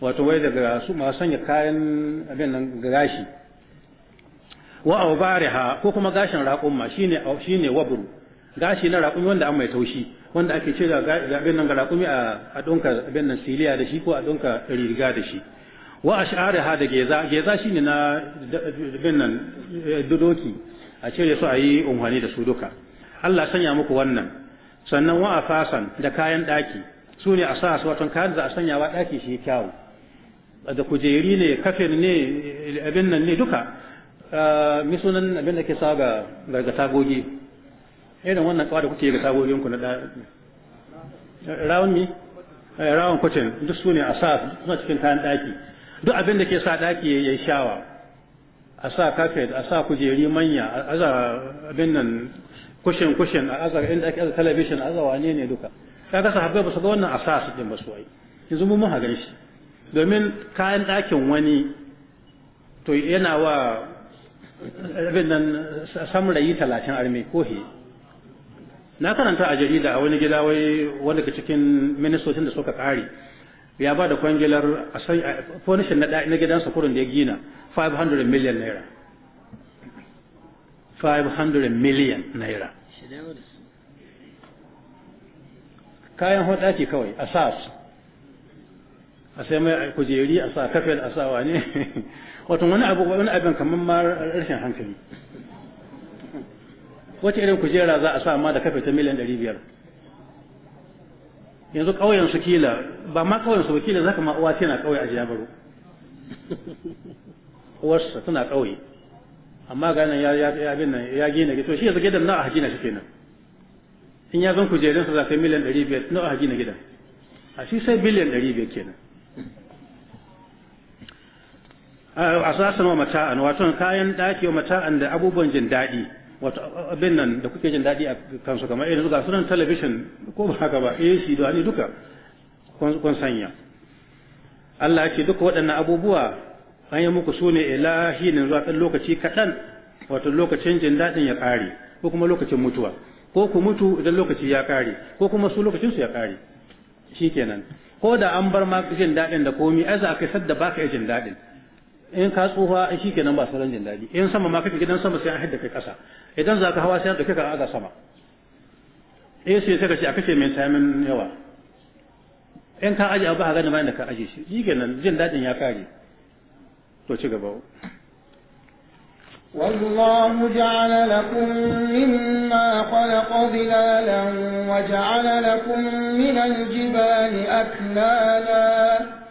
wato wai daga su masu sanya kayan abin nan gashi wa aubariha ko kuma gashin raƙumma shine shine wabru gashi na raƙumi wanda an mai taushi wanda ake ce ga abin nan ga raƙumi a donka abin nan siliya da shi ko a donka riga da shi wa a ha da geza geza shine na abin nan eh, dudoki a cire su a yi umarni da su duka Allah sanya muku wannan sannan wa a da kayan ɗaki su ne a sa su watan kayan za a sanya wa ɗaki shi kyawu da kujeri ne kafin ne abin nan ne duka eh, misunan abin da ke sa ga tagogi irin wannan kawa da kuke ga sabobin ku na da rawan mi eh, rawan kwacin duk su ne a sa suna cikin kayan daki duk abin da ke sa daki ya yi shawa a sa kafet a sa kujeri manya a aza abin nan kushin kushin a aza inda ake aza talabishin a aza wane ne duka kasa haɓe ba su ga wannan a sa su ɗin ba su wai yanzu mu mun gan shi domin kayan ɗakin wani to yana wa abin nan yi talatin arme ko he na karanta a jarida a wani gida wai wanda cikin ministocin da suka kare ya ba da kwangilar a furnishin na gidan sakurin da ya gina 500 million naira 500 million naira kayan hoda ce kawai a sa su a sai mai kujeri a sa kafin a sa wane <laughs> wato wani wani abin kamar ma rashin hankali wace irin kujera za a sa ma da kafe ta miliyan ɗari biyar yanzu ƙauyen su kila ba ma ƙauyen su kila zaka ma uwa tana ƙauye a baro <laughs> uwarsa tana ƙauye amma ga nan ya ya nan ya gina gidan shi yanzu gidan na a hajina shi kenan in ya zan kujerin sa za ka miliyan ɗari biyar na a hajina gidan a shi sai biliyan ɗari biyar kenan a sasan wa mata'an wato kayan daki wa mata'an da abubuwan jin daɗi wato abin nan da kuke jin daɗi a kansu kamar irin ga sunan talabishin ko ba haka ba AC da ni duka kun sanya Allah ce duka waɗannan abubuwa an yi muku su ne ilahi ne zuwa ɗan lokaci kaɗan wato lokacin jin daɗin ya ƙare ko kuma lokacin mutuwa ko ku mutu idan lokaci ya ƙare ko kuma su lokacinsu ya ƙare shikenan ko da an bar ma jin daɗin da komi ai za a kai sadda baka jin daɗin in ka tsufa shi kenan ba salon jin daɗi in sama ma kake gidan sama sai an haɗa kai ƙasa idan za ka hawa sai an ɗauke ka aga sama in eh, sai sai ka ce a kace mai samun yawa in ka aje abu a gani bayan da ka aje shi kenan jin daɗin ya kare to ci gaba والله جعل لكم مما خلق ظلالا وجعل لكم من الجبال أكنانا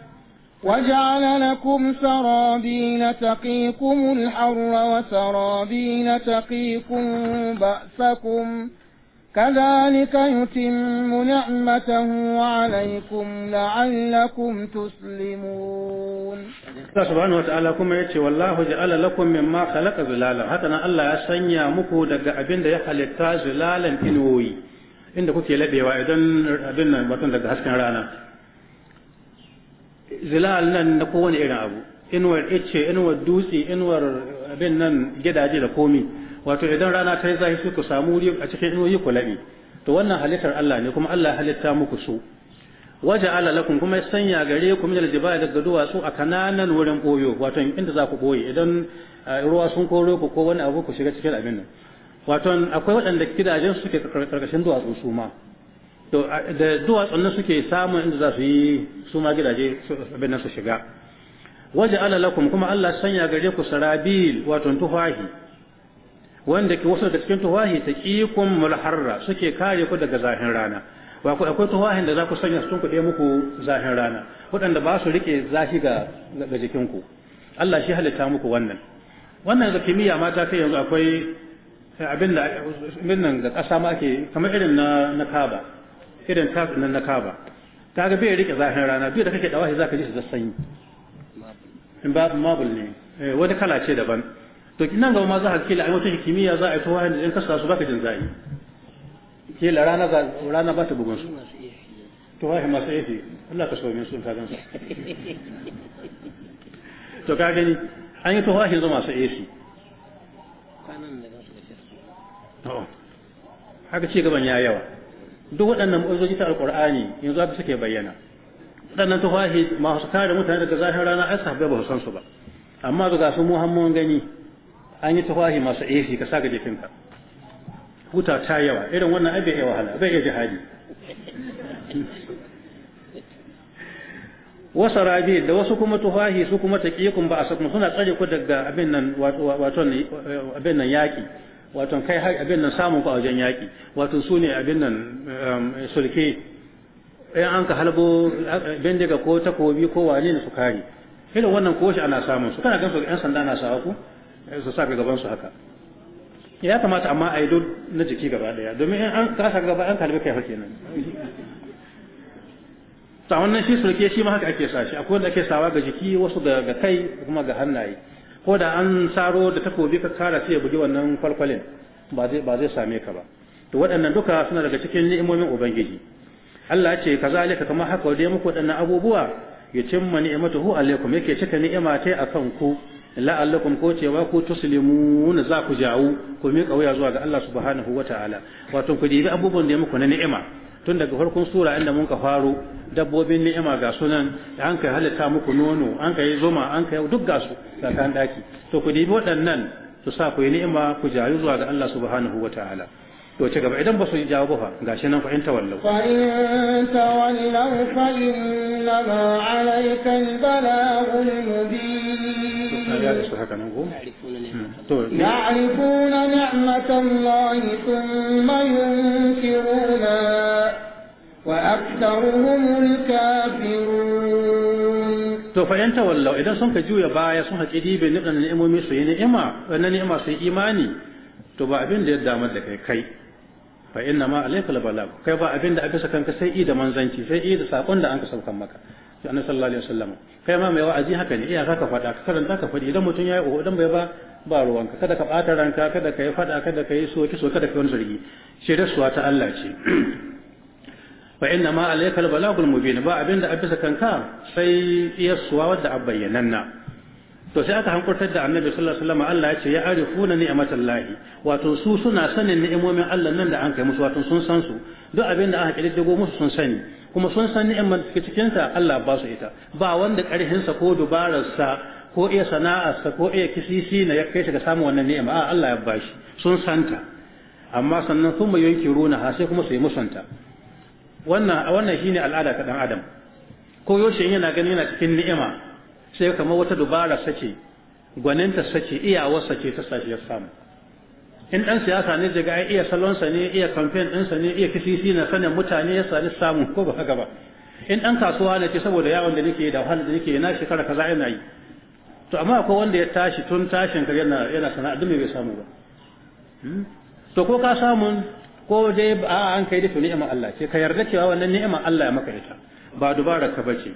وجعل لكم سرابين تقيكم الحر وسرابين تقيكم بأسكم كذلك يتم نعمته عليكم لعلكم تسلمون الله سبحانه وتعالى كما يتشي والله جعل لكم مما خلق زلالا حتى أن الله يسنى مكودة أبين دا يحل التاج زلالا إنوي إن كنت يلبي وإذن أبين وطن دا هسكن رانا zilal nan na kowane irin abu inuwar ice inuwar dutse inuwar abin nan gidaje da komi wato idan rana ta yi zafi ku samu wuri a cikin inuwoyi ku laɓe to wannan halittar Allah ne kuma Allah halitta muku su waje ala lakum kuma ya sanya gare ku min da gaduwa su a kananan wurin boyo wato inda za ku boye idan eh, ruwa sun koro ku ko wani abu ku shiga cikin abin nan wato akwai waɗanda gidajen suke karkashin duwatsu su ma to da duwatsun nan suke samun inda za su yi su ma gidaje abin nan su shiga waje alalakum kuma Allah sanya gare ku sarabil wato tuhahi wanda ke wasu da cikin tuhahi ta ƙikun mulharra suke kare ku daga zahin rana wa ku akwai tuhahin da za ku sanya sun kuɗe muku zahin rana waɗanda ba su riƙe zafi ga jikinku Allah shi halitta muku wannan wannan da kimiyya ma ta kai yanzu akwai abin da nan ga ƙasa ma ake kamar irin na na kaba irin tasu nan na kaba kaga bai rike zafin rana duk da kake dawa shi zaka ji shi da sanyi in ba mabul ne eh, wani kala ce daban to nan ga ma za ka kila ai wata kimiyya za a yi ta wani in kasa su baka jin zafi la rana za rana ba ta bugun su to wai masu yi Allah ka soye su ta gansu <laughs> to ka gani an yi tuhahin zama masu to haka ci gaban ya yawa duk waɗannan mu'ajizoji ta alƙur'ani yanzu abu suke bayyana waɗannan tufahi masu kare mutane daga zafin rana ai sahabbai ba su san su ba amma ga su muhammad gani an yi tufahi masu efi ka ga jikinka huta ta yawa irin wannan abin ya wahala bai iya jihadi wasu rabi da wasu kuma tufahi su kuma kun ba a suna tsare ku daga abin nan yaƙi wato kai har abin nan samun ku a wajen yaƙi wato su ne abin nan um, sulke in an ka halbo uh, bindiga ko takobi ko wane ne su kare irin wannan ko ana samun su kana gansu yan sanda na sawa ku eh, su sa ga gaban su haka ya kamata amma a yi na jiki gaba daya domin in an kasa gaba an kalbi kai hake nan ta wannan shi sulke shi ma haka ake sa shi akwai wanda ake sawa ga jiki wasu ga kai kuma ga hannaye ko da an saro da takobi ka kara sai ya bugi wannan kwalkwalin ba zai ba zai same ka ba to waɗannan duka suna daga cikin ni'imomin ubangiji Allah ya ce kazalika kamar haka dai muku waɗannan abubuwa yutimma ni'matuhu alaikum yake cika ni'ima ta akan ku la'allakum ko cewa ku tuslimun za ku jawo ku miƙa wuya zuwa ga Allah subhanahu wata'ala wato ku dibi abubuwan da muku na ni'ima tun daga farkon sura inda mun ka faro dabbobin ni'ima ga sunan an kai halitta muku nono an kai zuma an kai duk ga su ga daki to ku dibi waɗannan su sa ku yi ni'ima ku zuwa ga Allah subhanahu wataala to ci gaba idan ba su yi jawo ba gashi nan fa in tawallau fa in tawallau fa inna ma alayka balaghul mubin يعرفون نعمة الله ثم ينكرونها وأكثرهم الكافرون to fa yanta wallau idan sun ka juya baya sun haƙi dibe ni'an ni'imomi su yi ni'ima wannan ni'ima su yi imani to ba abin da ya damar da kai kai fa inna ma alayka albalag kai ba abin da aka saka kanka sai i da manzanci sai i da sakon da an ka saukan maka annabi sallallahu alaihi wasallam kai ma mai wa'azi haka ne iya ka faɗa ka karanta ka faɗi idan mutum ya yi idan bai ba ba ruwanka kada ka ɓata ranka kada ka yi faɗa kada ka yi soki so kada ka yi wani zargi shaidar suwa ta Allah ce wa <clears throat> inna ma alayka albalagul mubin ba abinda a bisa kanka sai iya suwa wadda a bayyananna to sai aka hankurtar da annabi sallallahu alaihi wasallam Allah ya ce ya arifuna ni'matallahi wato su suna sanin ni'imomin Allah nan da an kai musu wato sun san su duk abinda aka kiddigo musu sun sani kuma sun san ni'imar cikin ta Allah ba su ita ba wanda sa ko sa ko iya sana'arsa ko iya kisisi na ya kai shi ga samun wannan ni'ima a Allah ya bashi sun santa amma sannan sun mai yanki runa ha sai kuma su yi musanta wannan wannan shine al'ada ta dan adam ko yaushe yana gani yana cikin ni'ima sai kamar wata dubara sace gwaninta sace iyawarsa ce ta sace ya samu in dan siyasa ne daga ai iya salonsa ne iya campaign ɗinsa ne iya kisisi na sanin mutane ya sani samu ko ba haka ba in dan kasuwa ne ce saboda yawon da nake da wahala da nake na shekara kaza ina yi to amma akwai wanda ya tashi tun tashin ka yana yana sana'a duk bai samu ba hmm? to ko ka samu ko dai a an kai da to ni'imar Allah ce ka yarda cewa wannan ni'imar Allah ya maka ita ba dubara ka bace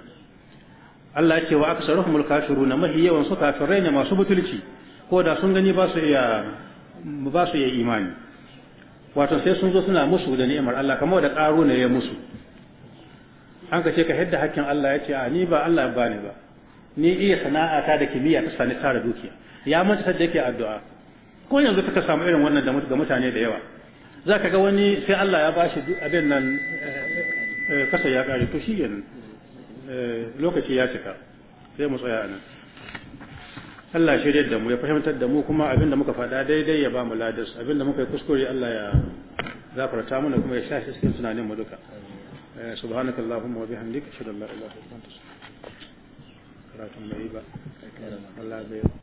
Allah ce wa aksaruhumul kafiruna mahi yawan su kafirai ne masu butulci ko da sun gani ba su iya ba su iya imani wato sai sun zo suna musu da ni'imar Allah kamar da karu ne ya musu an ka ce ka hidda hakkin Allah ya ce a ni ba Allah ba ne ba ni iya sana'a ta da kimiyya ta sani tara dukiya ya manta sadda yake addu'a ko yanzu kaka samu irin wannan ga mutane da yawa za ka ga wani sai Allah ya bashi abin nan eh, eh, kasa ya kare to shi yan eh, lokaci ya cika sai mu tsaya nan Allah ya shirya da mu ya fahimtar da mu kuma abin da muka faɗa daidai ya ba mu ladas abin da muka yi kuskure Allah ya zafarta mana kuma ya shashi cikin tunanin mu duka subhanakallahumma wa bihamdika ashhadu an la ilaha illa anta karatun mai ba Allah bai